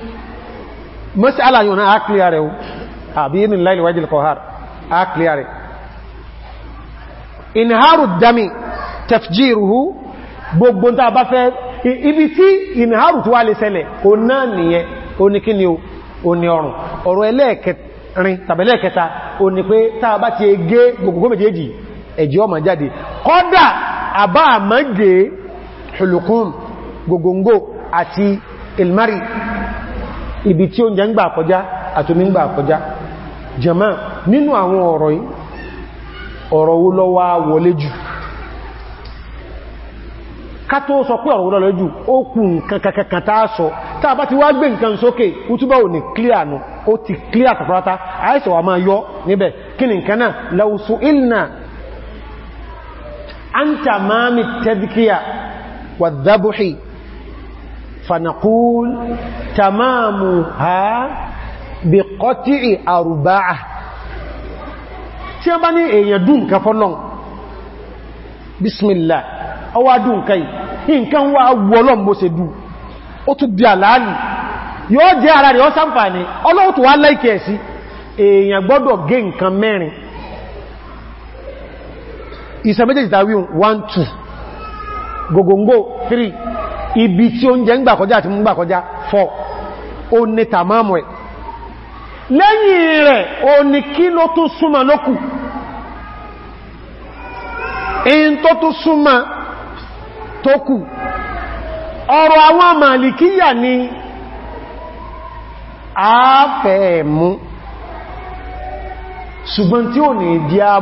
mas'ala yóò náà ákìlẹ̀ rẹ̀ o àbí ní láìlẹ̀ wájìl kọ̀hár ákìlẹ̀ rẹ̀ inharu dami tafjiruhu gbogbo ta bá fẹ́ ibi tí inharu tó wà lè ṣẹlẹ̀ o náà nìyẹn o ní kí ni o ní ọrùn ọ̀rọ̀ ẹlẹ́ẹ̀kẹrin ilmari ibi tí oúnjẹ ń gbà kọjá àtomi ń gbà kọjá jàmá nínú àwọn ọ̀rọ̀ yìí ọ̀rọ̀ wo ló wọlé jù ká tó sọ pé ọ̀rọ̀ wo ló jù ó kù nǹkan kankan tá a sọ a bá ti wá gbé nǹkan sókè útúbọ̀ wa فنقول تمامها بقطع أربعة tí a bá ní èèyàn dùn nǹkan fọ́lọ́n bísmìlá ọwá dùn nǹkan yìí nǹkan wá wọ́lọ́n bó du. Otu yóò jẹ́ ara rẹ̀ ó ṣàǹfààní ọlọ́wọ́ tó wá láìkẹ̀ sí èèyàn gbọ́dọ̀ gé nǹkan mẹ́rin ìsẹ̀mẹ́jẹ̀ ìtàwí 1 2 gogongo 3 ibi tí ó ń jẹ ń gbà kọjá àti mú gbà kọjá 4 ó ní tàmámù ẹ̀ lẹ́yìn rẹ̀ ó ní kí ló tún súnmà lókù in tó tún súnmà tó kù ọ̀rọ̀ àwọn màlìkíyà ni a fẹ́ mú ṣùgbọ́n tí ò ní ìdí á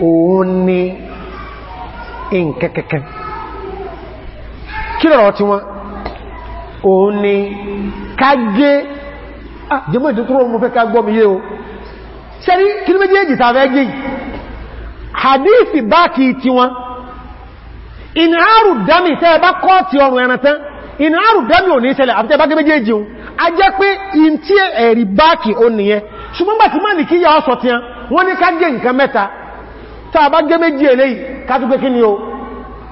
òun ni ìǹkẹ́kẹ́kẹ́ kí lọ́rọ̀ tí wọ́n òun ni kágé ah, jẹmọ́ ìdúkúrò mú fẹ́ ká gbọ́ mi yé o sẹ́rí kí ní méjèèjì tàbẹ́ gí hadithi báàkì tí wọ́n ìnáàrù dámì tẹ́ bá kọ́ ti ọrùn ẹran tán ìnáàrù dámì ò ní ìṣẹ̀lẹ̀ àfitẹ́ bá gẹ́ méjèèjì o a jẹ́ pé in tí ó nìyẹn ṣùgbọ́n bá ti máa nìkíyà ọ́sọ̀ tí wọ́n ní ká gé nǹkan mẹ́ta tàbá gẹ́ méjì kátúgbé kí ni o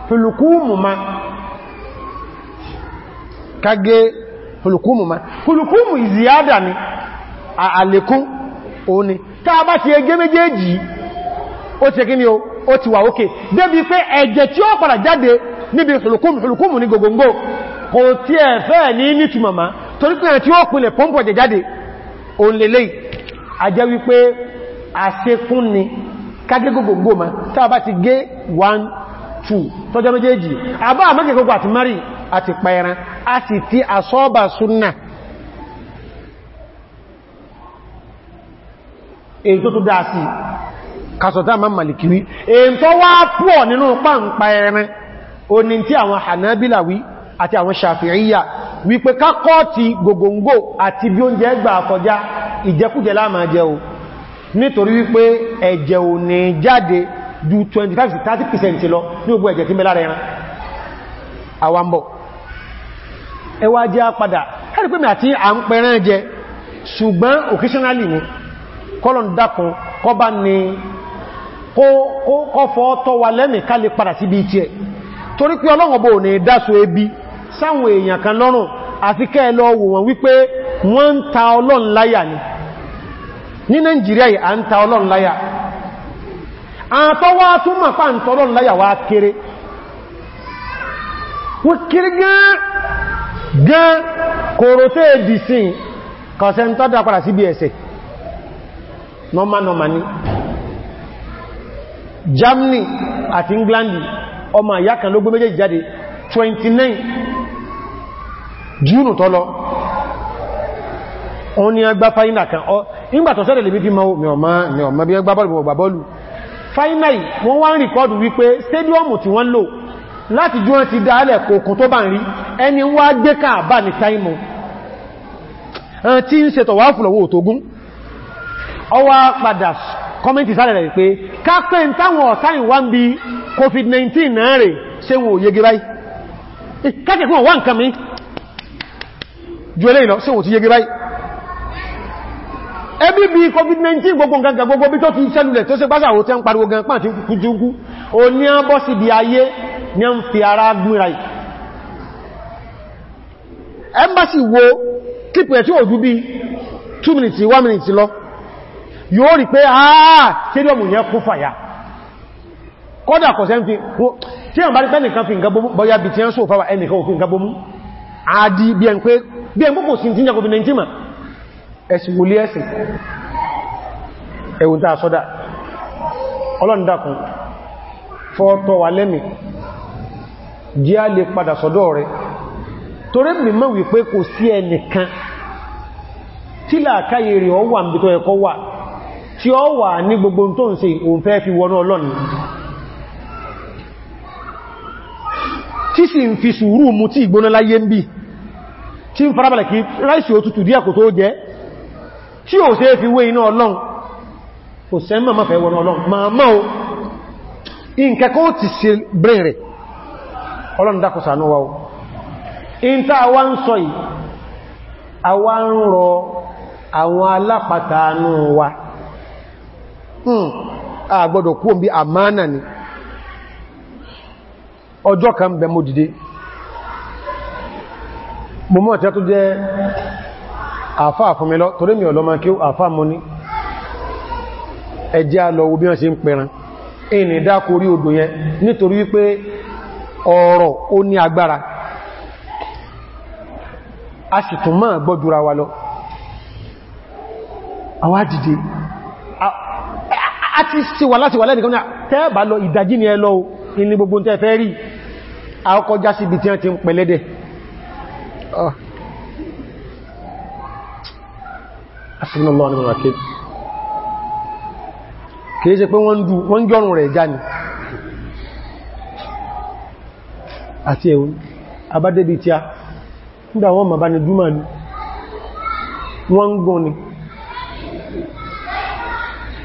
hulukumu ma kagé hulukumu ma hulukumu ìzíyádà ni a àlékún o ni ká bá ti ẹgẹ́ méjèèjì ó ti kí ni o ó ti wà òkè débi pé ẹ̀jẹ̀ tí ó padà jáde níbi hulukumu hulukumu ni gogongbo kò tí ẹ̀ fẹ́ ní nítumọ̀má torí pé tí ó pínlẹ̀ pọ́mpọ̀ jẹ jáde òun lélẹ́yìí a jẹ́ wípé àṣekún ni kágé gbogbo ma tàà bá ti gé 1 2 tọ́jọ́ méjèèjì àbá àmọ́kẹ́ gbogbo àti mari àti pẹ̀ẹ̀ran a sì ti àsọ́ọ̀bà súnnà èyí tó tó dáa sí kàsọ̀tà ma màlìkìrí èyí tó wá pọ̀ nínú pàǹpẹ̀ẹ̀ran oní tí ìjẹkújẹ láàmà jẹ́ o nítorí wípé ẹ̀jẹ̀ ò ní jáde ju 25-30% lọ ní gbogbo ẹ̀jẹ̀ tí mẹ́lá rẹ̀ rán ẹwà jẹ́ padà ẹ̀rì pé àti à ń pẹ̀rẹ́ jẹ ṣùgbọ́n occasionally ni kọlọ̀n dákun kọ bá ní fọ́ tọ́ padà sí tiẹ̀ torí pé ọlọ́wọ̀bọ̀ ebi sáwọn èèyàn kan lọ́rùn àti wọn ní Nàìjíríà yìí à ń ta ọlọ́run láyà àtọ́wà tún mà pà ń tọ́ ọlọ́run láyà wá kéré wọ́n kéré gán gán kòrò tó èdì sí kọ̀ọ̀sẹ̀ ń tọ́dá padà síbi ẹ̀sẹ̀ nọ́mà nọ́mà ní Germany àti England ọmọ àyá kan ló gbé méjèèjì jáde 29 June tọ́lọ òun ni agbá fáínà kan ọ́ nígbà tó sẹ́rẹ̀ lè bí fi mọ́ mẹ́ọ̀mọ́ bí agbá bọ́ọ̀lù bọ̀gbà bọ́ọ̀lù fáínà yìí wọ́n wá ń rìkọ́dù wípé stadiumu tí wọ́n lò láti jú wọn ti dáálẹ̀ kòkùn tó bá ń rí ẹni wá gbé káàbà ní táìmù tí ń ṣe tọ̀wá fùlọ̀wọ́ òtógún ọwá padà kọ́mẹ́ntì sáré rẹ̀ pé kápẹ́ ń táwọn ọ̀táyìn wá ń bí covid-19 náà rẹ̀ ṣe wò yege báyìí eh, káàkiri mi jù eléyìn lọ ṣe yege báyìí ẹbí bí covid-19 gbogbo gangan gbogbo bí tó ti ṣẹlulẹ̀ tó ṣe pásàwò tẹ́ ń pariwo gan pàtí kújúkú o ní a bọ́ sí ibi ayé ní a ń fi ara gbúra ẹmbásí wo kípù ẹ̀ tí ò jú bí 2 minutes 1 minute lọ yóò rí pé àà ṣe lọ́mù yẹn kún fàyà kọ́dà kọ̀ sẹ́m fi tí ẹ̀mbá rí pé nìkan fi nǹkan bomú bọ́yá bí ti ẹ́ ń sọ fáwà ẹnìkan òfin nǹkan sí ti covid-19 ẹ̀sìn wòlí ẹ̀sìn ẹ̀wùn tàà sọ́dá ọlọ́ndàkùn fọ́ọ̀tọ̀ wà lẹ́mì jẹ́ a lè padà sọ́dọ̀ rẹ̀ torí mi mọ́ wípé kò sí ẹnìkan tí làákàyè rẹ̀ ọ wà níbi tó ẹ̀kọ́ wà tí ọ wà ní gbogbo tó ń ṣe òun fẹ́ fi tí ń farabalẹ̀ kí ráìsì òtútù díẹ̀ tó jẹ́ tí ó ṣe fi wé iná ọlọ́run kò sẹ́ mọ́ mọ́fẹ́ ma mọ́ o ìǹkẹ́kọ́ ti se brain rẹ̀ ọlọ́run dákùsà náà wáwọ́ in tá àwa ń sọ yìí àwa ń rọ àwọn alápàtà anú wa hmm, a kú bí àmánà ni ọjọ́ kan bẹ mo dìde mo mọ́ àfáà fún mi lọ torí mi ọ̀lọ́mọ kí àfáà mọ́ ní ẹjẹ́ alọ́wọ́ bí wọ́n ṣe ń pẹran ìní dákò orí odò yẹn nítorí wípé ọ̀rọ̀ ó ní agbára a sì tún máa gbọ́júra wa lọ àwa dìde a ti síwà láti wà lẹ́nìkan tẹ́ẹ̀bà lọ ìdájí ni ẹ lọ ìní gbogbo tẹ́ẹ̀fẹ́ rí àkọjá síbi tí wọ́n ti ń pẹ̀lẹ́dẹ̀ ah. asìnàlọ́ ọ̀nà ìrọ̀kẹ́ àti ẹ̀wọ̀n abádẹ́bí tí a nígbà wọn ma bá ní dúmà ní wọ́n ń gùn ni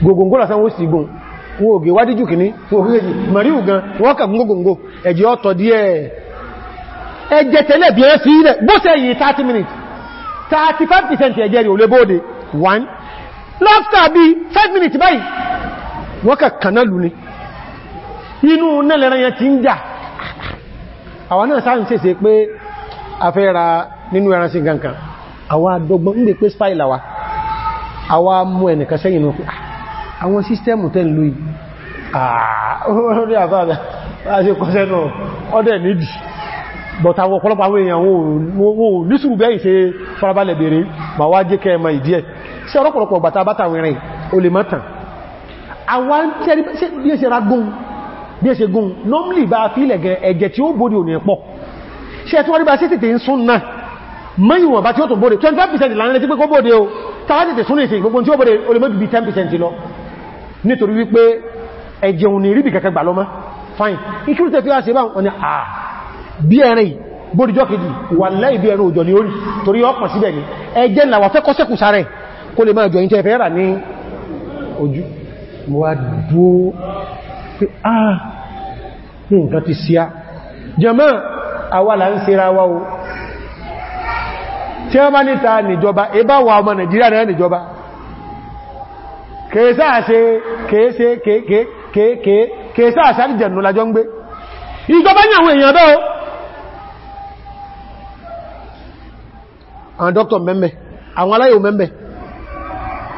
gògóngó lásán wó sì gùn wọ́n wá díjù gan wọ́n kà gògóngó ẹ̀jẹ̀ ọ̀tọ̀ díẹ̀ ẹjẹ̀ tẹ́lẹ̀ bí one láfíà bí five minutes báyìí wọ́n kà kàná lù ní inú nẹ́lẹ̀rẹ́ yẹn ti ń jà àwọn náà sáà ń sèse pé afẹ́ra nínú ẹran sí gankan àwọn adọgbọ́n ń lè pé spy lawa àwọn mú ẹnìkan sẹ́yìn ah, ah, náà àwọn sístẹ́mù tẹ́ lóyìí orí àfáàdà láti kọ́sẹ́ náà ọdẹ̀ nídì bọ̀ta àwọn ọ̀pọ̀lọpọ̀ àwọn èèyàn wọ́n ní sùúrù bẹ́ẹ̀ ìṣe farabalẹ̀ bèèrè ma wá jẹ́ kẹ́ ẹmà ìdí ẹ̀ sí ọ̀rọ̀pọ̀lọpọ̀ bàtà bátàwìn rẹ̀ o lè mọ́tàn àwọn tẹ́rí bí é ṣe ra gún bí é ṣe gún normally bá fílẹ̀ gẹ ẹ̀jẹ̀ tí ó bóde òní ẹ̀pọ̀ ṣe ẹ̀tún wọ́n bá sí tètè ń sún náà mẹ́yìnwọ̀n bá tí ó tó bóde 25% lánàá tí pé kó bóde o tàbá tètè sún o lè mọ́jú bí 10% lọ nítorí wípé ẹ̀jẹ̀ òní ríbì kẹ́kẹ́ gbà lọ́mọ́ fine ikú tẹ́ fi wá sí bá wọn ni à ah, bí ẹ̀rẹ́ bódijọ́ kejì wà láì bí ẹ̀rẹ́ òjò ní orí torí kó lè máa jọ ìtẹ́ ẹ̀fẹ́ rà ní ojú mo wá dúó pé ah ní nǹkan ti síá jẹmọ́ àwàlà ń sera wá o tí a bá níta nìjọba ẹbá wà ọmọ Nàìjíríà náà nìjọba kèésáàṣe kèése kèékèé kèésáàṣe àríjẹ̀nù lájọ́ ń gbé ìjọba ní àwọn èèyàn bẹ́ẹ̀ àwọn dókítà mẹ́mẹ́ àwọn aláyò mẹ́mẹ́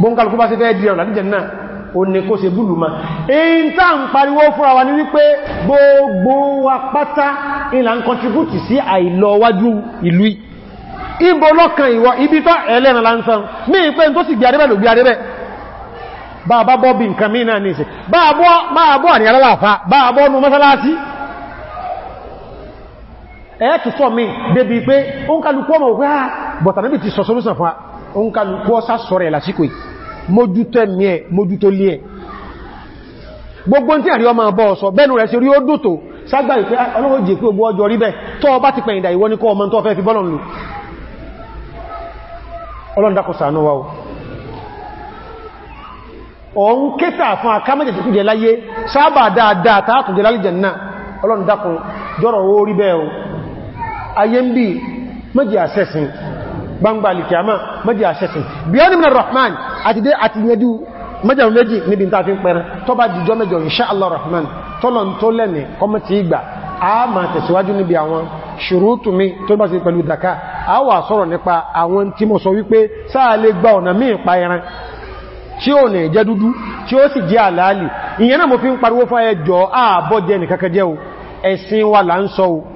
bóńkàlùkú bá sí fẹ́ dìrẹ̀ ọ̀làdíjẹ̀ náà o ní kó se búlù ma èyí tá ń pariwo fúnra wa ní wípé gbogbo wa pátá ìlà ń kọntribútì sí àìlọ́wájú ìlú ìbò lọ́kàn ìwọ ibi tọ́ ẹlẹ́nà lásán ní ìpé tó sì gbé adébẹ̀ ló gbé adébẹ̀ bàbá bọ́ bí nǹkan mí náà ní ìsẹ̀ bàbọ́ àní alálàfà bàbọ́ nù mọ́sálásí ẹ̀ẹ́tù sọ mi débi pé ó ń kálukú ọmọ òkú ah, bọ̀tànẹ́bì ti sọ solúsàn fún ń ká lùkọ́ sásọ̀rẹ̀ lásìkò mójútó ẹ̀mí ẹ̀ mójútó lé ẹ̀ gbogbo tí àrí ọmọ ọbọ̀ ọ̀sọ̀ bẹ́nu rẹ̀ sí rí ó dùtò ságbà ìpé ọlọ́wọ́ jẹ́ pé ah, ogbó ọjọ́ rí bẹ́ tọ́ bá ti pẹ̀yìndà ìwọ ní kọ́ ọmọ tó fẹ́ fi bọ́lọ̀n lò ọlọ́ndakọ̀sánú wa o ń kéta fún akámẹ́jẹ̀ tó kújẹ láyé sábà dáadáa tààtù jẹ lálìjẹ̀ náà ọlọ́ndakọ̀ jọ́rọ̀ ó rí bẹ́ o ayé ń bí mẹ́jì àṣẹ́sìn gbangba alìkìyàmá mẹ́jì àṣẹ́sìn bí ọ́nà mìíràn rahman àti dé àti yẹjú mẹ́jọ méjì níbi tàà fi ń pẹ̀rẹ tó bá dìjọ́ mẹ́jọ insha Allah rahman tọ́lọ tó lẹ́mì kọmọ̀tí ìgbà a ma tẹ̀síwájú níbi àwọn ṣùrútù mi tó bá sí pẹ̀lú daka a wà sọ̀rọ̀ nípa àwọn tí mo sọ wípé sáà lè gba ọ̀nà mí pa ẹran tí ó nà jẹ́ dúdú tí ó sì jẹ́ àlàálì ìyẹn náà mo fi ń pariwo fún ẹjọ́ ààbọ̀ jẹ́ nìkankan jẹ́ o ẹ̀sìn wa là ń o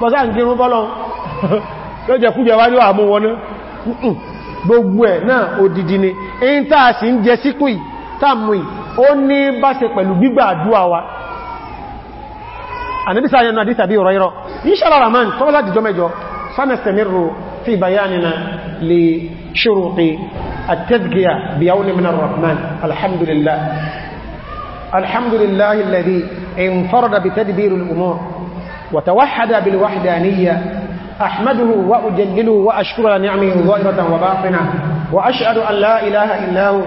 pọ̀sá ń gírún bọ́lọ́n ló jẹ kújẹ wá ní àmú wọn gbogbo ẹ̀ náà odidi ni in táà sí ń jẹ síkú ì tààmù ì ó ní bá ṣe pẹ̀lú gbígbà àdúwà wa àníbísà yẹnu àdísà bí ọ̀rọ̀ ìrọ̀ inṣàlá rahman tó wọ́n láti jọmẹjọ sanastamiru fi bayanina li وتوحد بالوحدانية أحمده وأجلله وأشكر نعمه ظاهرة وباطنة وأشهد أن لا إله إلا هو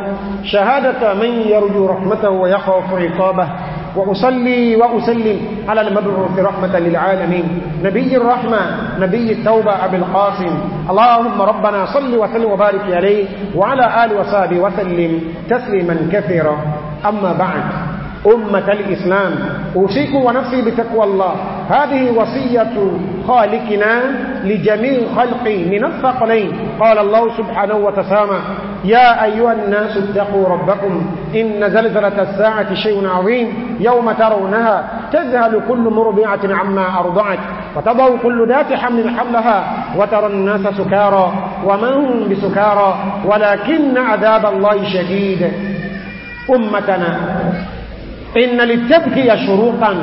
شهادة من يرجو رحمته ويخاف عقابه وأصلي وأسلم على المبعوث رحمة للعالمين نبي الرحمة نبي التوبة أبي القاسم اللهم ربنا صل وسلم وبارك عليه وعلى آل وصحبه وسلم تسليما كثيرا أما بعد أمة الإسلام أوصيكم ونفسي بتقوى الله هذه وصية خالقنا لجميع خلقه من الثقلين قال الله سبحانه وتسامى يا أيها الناس اتقوا ربكم إن زلزلة الساعة شيء عظيم يوم ترونها تذهل كل مربعة عما أرضعت وتضع كل ذات حمل حملها وترى الناس سكارى وما هم بسكارى ولكن عذاب الله شديد أمتنا إن للتبكي شروطا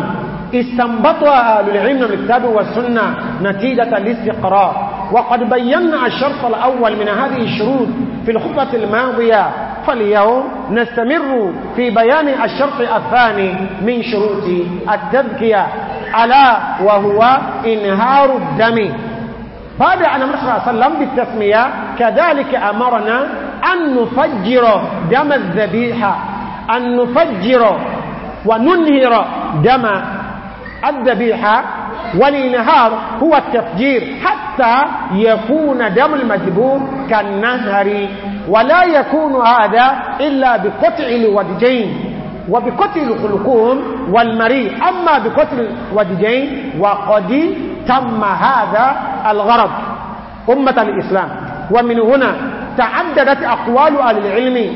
استنبطها أهل العلم من الكتاب والسنة نتيجة الاستقراء وقد بينا الشرط الأول من هذه الشروط في الخطة الماضية فاليوم نستمر في بيان الشرط الثاني من شروط التذكية ألا وهو إنهار الدم بعد أن أمر صلى الله عليه وسلم بالتسمية كذلك أمرنا أن نفجر دم الذبيحة أن نفجر وننهر دم الذبيحة والانهار هو التفجير حتى يكون دم المذبوح كالنهر ولا يكون هذا إلا بقطع الوجهين وبقتل الخلقوم والمريء أما بقتل الوجهين وقد تم هذا الغرض أمة الإسلام ومن هنا تعددت أقوال أهل العلم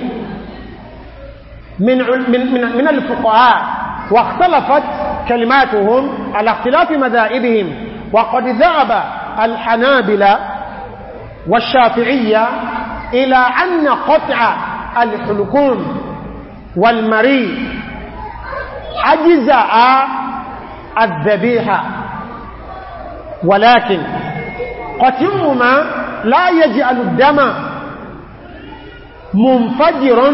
من, من, من, من الفقهاء واختلفت كلماتهم على اختلاف مذاهبهم وقد ذهب الحنابلة والشافعية إلى أن قطع الحلقوم والمري أجزاء الذبيحة ولكن قتلهما لا يجعل الدم منفجراً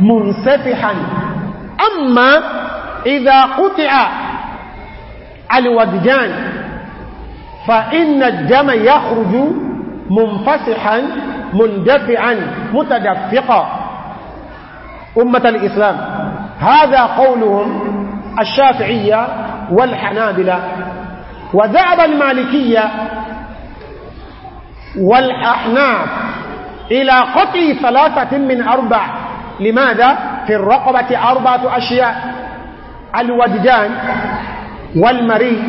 منسفحا أما إذا قطع الودجان فإن الدم يخرج منفسحا مندفعا متدفقا أمة الإسلام هذا قولهم الشافعية والحنابلة وذهب المالكية والأحناف إلى قطع ثلاثة من أربع لماذا في الرقبة أربعة أشياء الوجدان والمري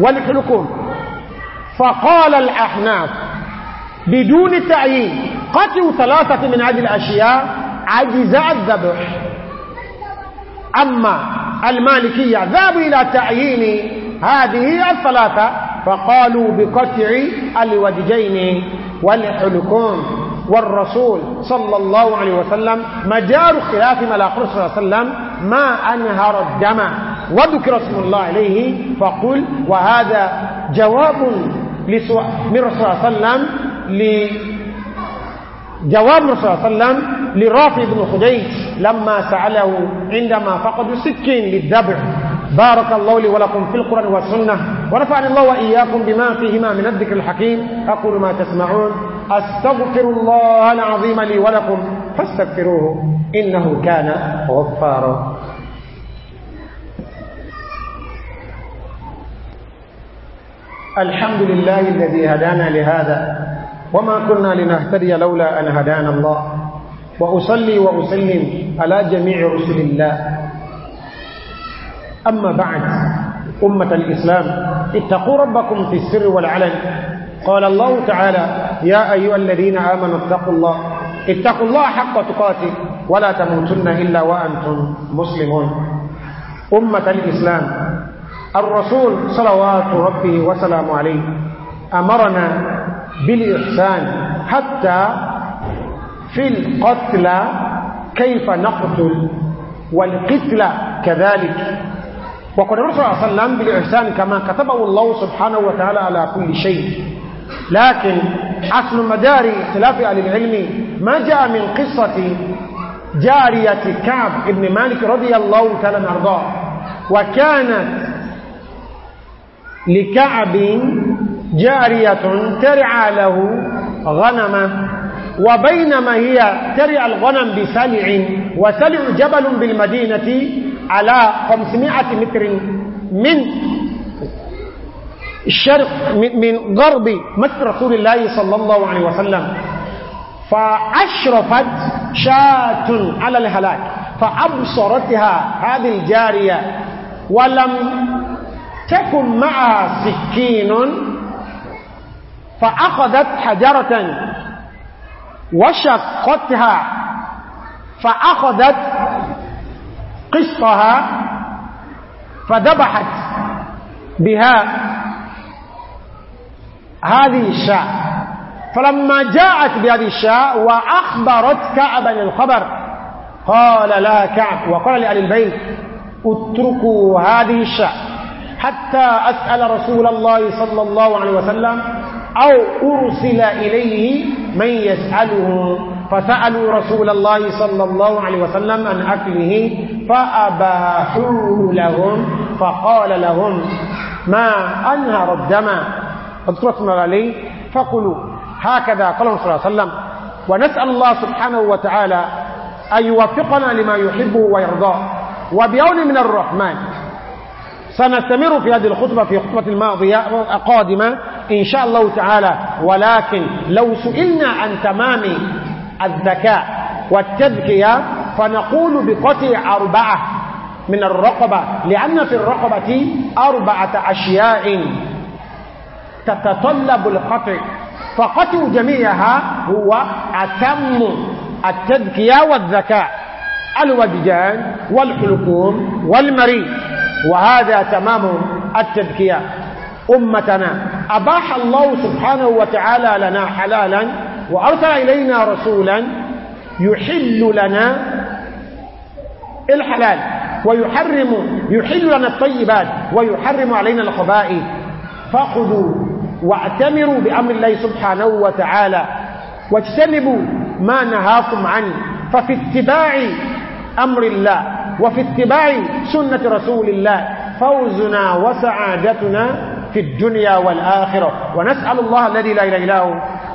والحلقوم فقال الأحناف بدون تعيين قتل ثلاثة من هذه الأشياء عجزاء الذبح أما المالكية ذهبوا إلى تعيين هذه الثلاثة فقالوا بقتع الوجدين والحلقوم والرسول صلى الله عليه وسلم مجار خلاف ما صلى الله عليه وسلم ما أنهر الدم وذكر اسم الله عليه فقل وهذا جواب لسو... من رسول الله صلى الله عليه وسلم ل... جواب رسول الله صلى الله عليه وسلم لرافع بن خديج لما سأله عندما فقد سكين للذبح بارك الله لي ولكم في القرآن والسنة ونفعني الله وإياكم بما فيهما من الذكر الحكيم أقول ما تسمعون أستغفر الله العظيم لي ولكم فاستغفروه إنه كان غفارا الحمد لله الذي هدانا لهذا وما كنا لنهتدي لولا أن هدانا الله وأصلي وأسلم على جميع رسل الله أما بعد أمة الإسلام اتقوا ربكم في السر والعلن قال الله تعالى يا أيها الذين آمنوا اتقوا الله اتقوا الله حق تقاته ولا تموتن إلا وأنتم مسلمون أمة الإسلام الرسول صلوات ربه وسلام عليه أمرنا بالإحسان حتى في القتلى كيف نقتل والقتلى كذلك وقد رسول صلى الله عليه وسلم بالإحسان كما كتبه الله سبحانه وتعالى على كل شيء لكن أصل مدار اختلاف أهل العلم ما جاء من قصة جارية كعب بن مالك رضي الله تعالى عنه وكانت لكعب جارية ترعى له غنما وبينما هي ترعى الغنم بسلع وسلع جبل بالمدينة على 500 متر من الشرق من غرب مسجد رسول الله صلى الله عليه وسلم فأشرفت شاة على الهلاك فأبصرتها هذه الجارية ولم تكن معها سكين فأخذت حجرة وشقتها فأخذت قسطها فذبحت بها هذه الشاء فلما جاءت بهذه الشاء وأخبرت كعبا الخبر قال لا كعب وقال لأهل البيت اتركوا هذه الشاء حتى أسأل رسول الله صلى الله عليه وسلم أو أرسل إليه من يسأله فسألوا رسول الله صلى الله عليه وسلم عن أكله فأباحوه لهم فقال لهم ما أنهر الدم فانترسنا عليه فقلوا هكذا قاله صلى الله عليه وسلم ونسأل الله سبحانه وتعالى أن يوفقنا لما يحبه ويرضاه وبعون من الرحمن سنستمر في هذه الخطبة في خطبة الماضية القادمة إن شاء الله تعالى ولكن لو سئلنا عن تمام الذكاء والتذكية فنقول بقطع أربعة من الرقبة لأن في الرقبة أربعة أشياء تتطلب القطع فقطع جميعها هو أتم التذكية والذكاء الوجدان والحلقوم والمريء وهذا تمام التذكية أمتنا أباح الله سبحانه وتعالى لنا حلالا وأرسل إلينا رسولا يحل لنا الحلال ويحرم يحل لنا الطيبات ويحرم علينا الخبائث فخذوا واعتمروا بأمر الله سبحانه وتعالى واجتنبوا ما نهاكم عنه ففي اتباع أمر الله وفي اتباع سنة رسول الله فوزنا وسعادتنا في الدنيا والآخرة ونسأل الله الذي لا إله إلا هو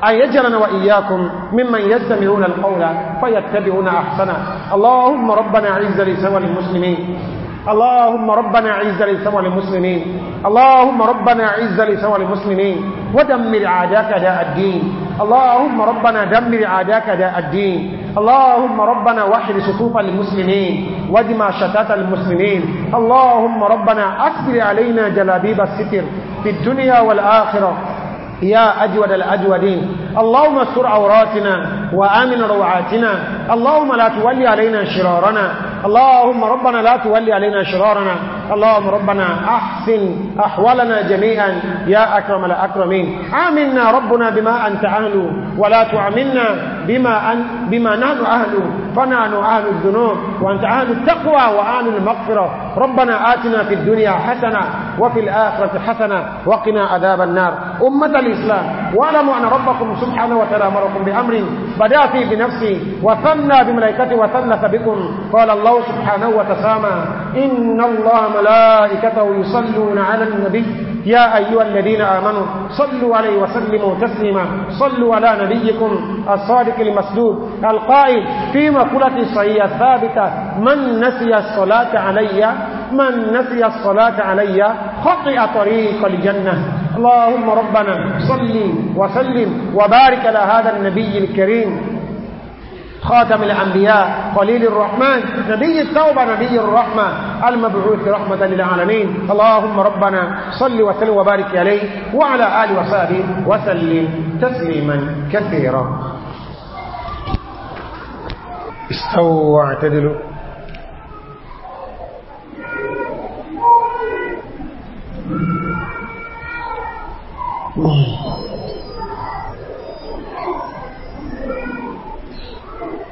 أن يجعلنا وإياكم ممن يستمعون القول فيتبعون أحسنه اللهم ربنا عز لسوى المسلمين اللهم ربنا عز الإسلام المسلمين اللهم ربنا عز الإسلام المسلمين ودمر عاداك داء الدين اللهم ربنا دمر عاداك داء الدين اللهم ربنا وحر صفوف المسلمين ودمى شتات المسلمين اللهم ربنا أكبر علينا جلابيب الستر في الدنيا والآخرة يا أجود الأجودين اللهم استر عوراتنا وآمن روعاتنا اللهم لا تولي علينا شرارنا اللهم ربنا لا تولي علينا شرارنا اللهم ربنا أحسن أحوالنا جميعا يا أكرم الأكرمين آمنا ربنا بما أنت أهل ولا تعملنا بما, أن بما نحن أهل فنحن أهل الذنوب وأنت أهل التقوى وأهل المغفرة ربنا آتنا في الدنيا حسنة وفي الآخرة حسنة وقنا عذاب النار أمة الإسلام واعلموا أن ربكم سبحانه وتعالى أمركم بأمر بدأ فيه بنفسه وثنى بملائكته وثلث بكم قال الله الله سبحانه وتسامى إن الله ملائكته يصلون على النبي يا أيها الذين آمنوا صلوا عليه وسلموا تسليما صلوا على نبيكم الصادق المسلوب القائل في مقولة صحية ثابتة من نسي الصلاة علي من نسي الصلاة علي خطئ طريق الجنة اللهم ربنا صلي وسلم وبارك على هذا النبي الكريم خاتم الأنبياء خليل الرحمن نبي التوبة نبي الرحمة المبعوث رحمة للعالمين اللهم ربنا صل وسلم وبارك عليه وعلى آله وصحبه وسلم تسليما كثيرا استووا واعتدلوا Oh.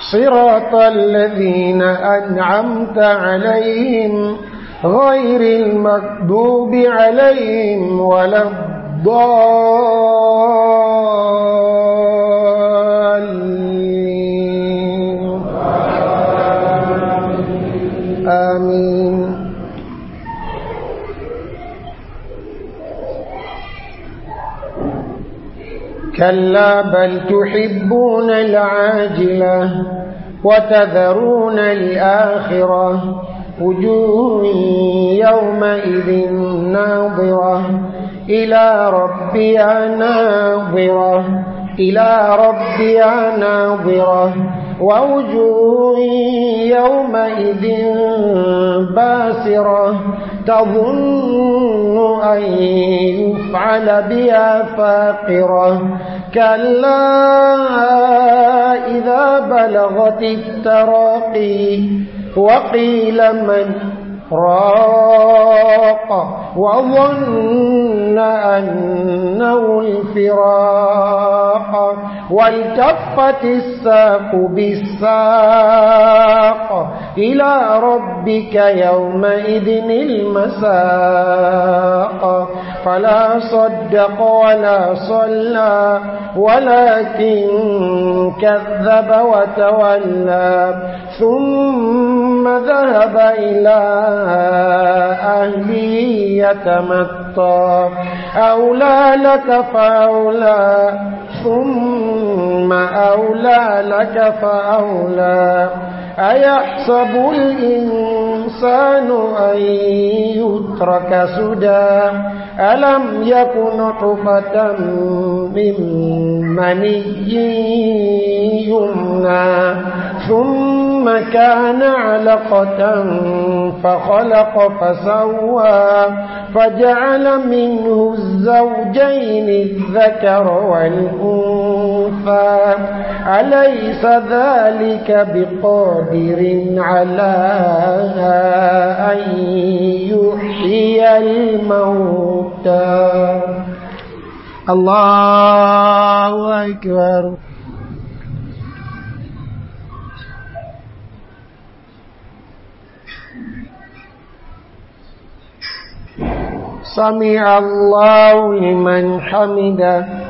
صراط الذين أنعمت عليهم غير المكذوب عليهم ولا الضالين آمين كلا بل تحبون العاجلة وتذرون الآخرة وجوه يومئذ ناظرة إلى ربها ناظرة إلى ربها ناظرة ووجوه يومئذ باسرة تظن أن يفعل بها فاقرة كلا إذا بلغت التراقي وقيل من الإفراق وظن أنه الفراق والتفت الساق بالساق إلى ربك يومئذ المساق فلا صدق ولا صلى ولكن كذب وتولى ثم ثم ذهب إلى أهله يتمطى أولى لك فأولى ثم أولى لك فأولى أيحسب الإنسان الإنسان أن يترك سدى ألم يكن حفة من مني يمنى ثم كان علقة فخلق فسوى فجعل منه الزوجين الذكر والأنثى أليس ذلك بقادر على أن يحيي الموتى الله أكبر سمع الله لمن حمده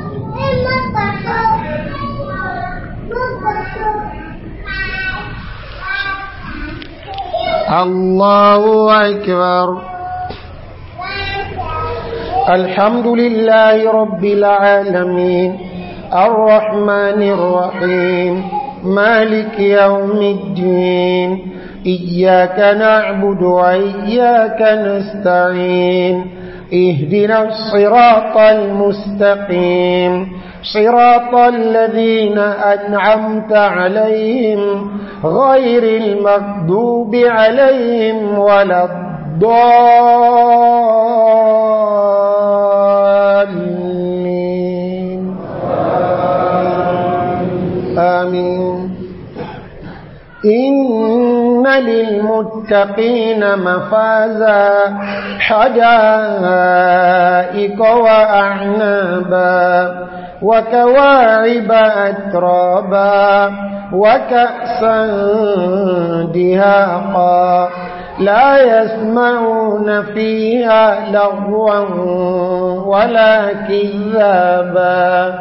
الله أكبر الحمد لله رب العالمين الرحمن الرحيم مالك يوم الدين إياك نعبد وإياك نستعين اهدنا الصراط المستقيم صراط الذين أنعمت عليهم غير المكذوب عليهم ولا الضال للمتقين مفازا حدائق وأعنابا وكواعب أترابا وكأسا دهاقا لا يسمعون فيها لغوا ولا كذابا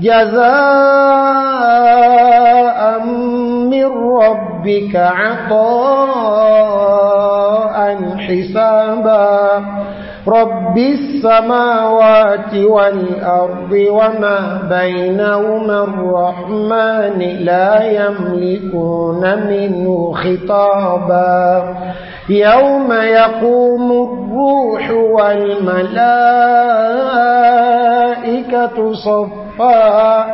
جزاء من ربهم ربك عطاء حسابا رب السماوات والأرض وما بينهما الرحمن لا يملكون منه خطابا يوم يقوم الروح والملائكة صفا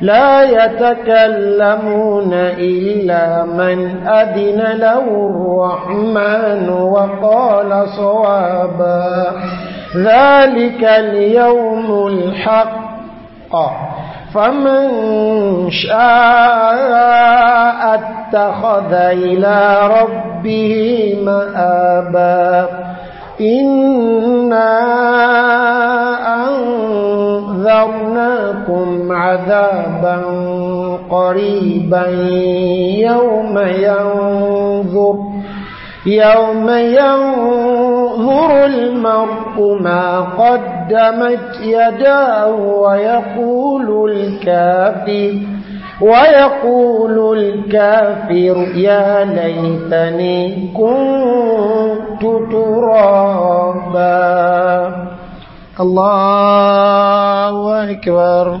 لا يتكلمون إلا من أذن له الرحمن وقال صوابا ذلك اليوم الحق فمن شاء اتخذ إلى ربه مآبا إنا أنذرناكم عذابا قريبا يوم ينظر يوم ينظر المرء ما قدمت يداه ويقول الكافر ويقول الكافر يا ليتني كنت ترابا الله أكبر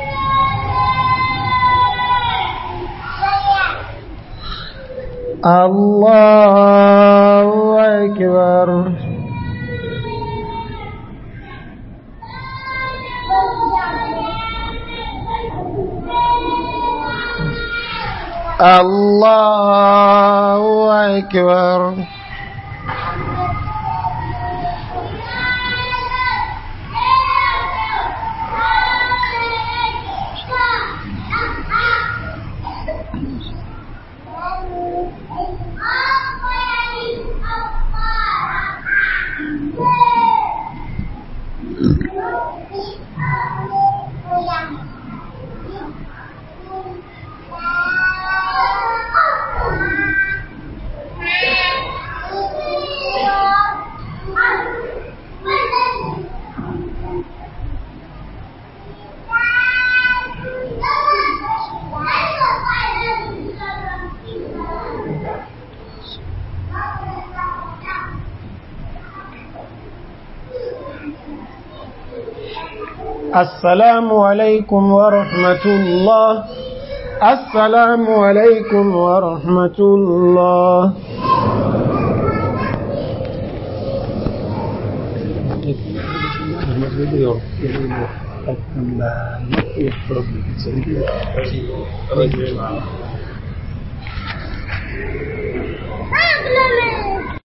الله أكبر الله أكبر السلام عليكم ورحمة الله السلام عليكم ورحمة الله Thank you.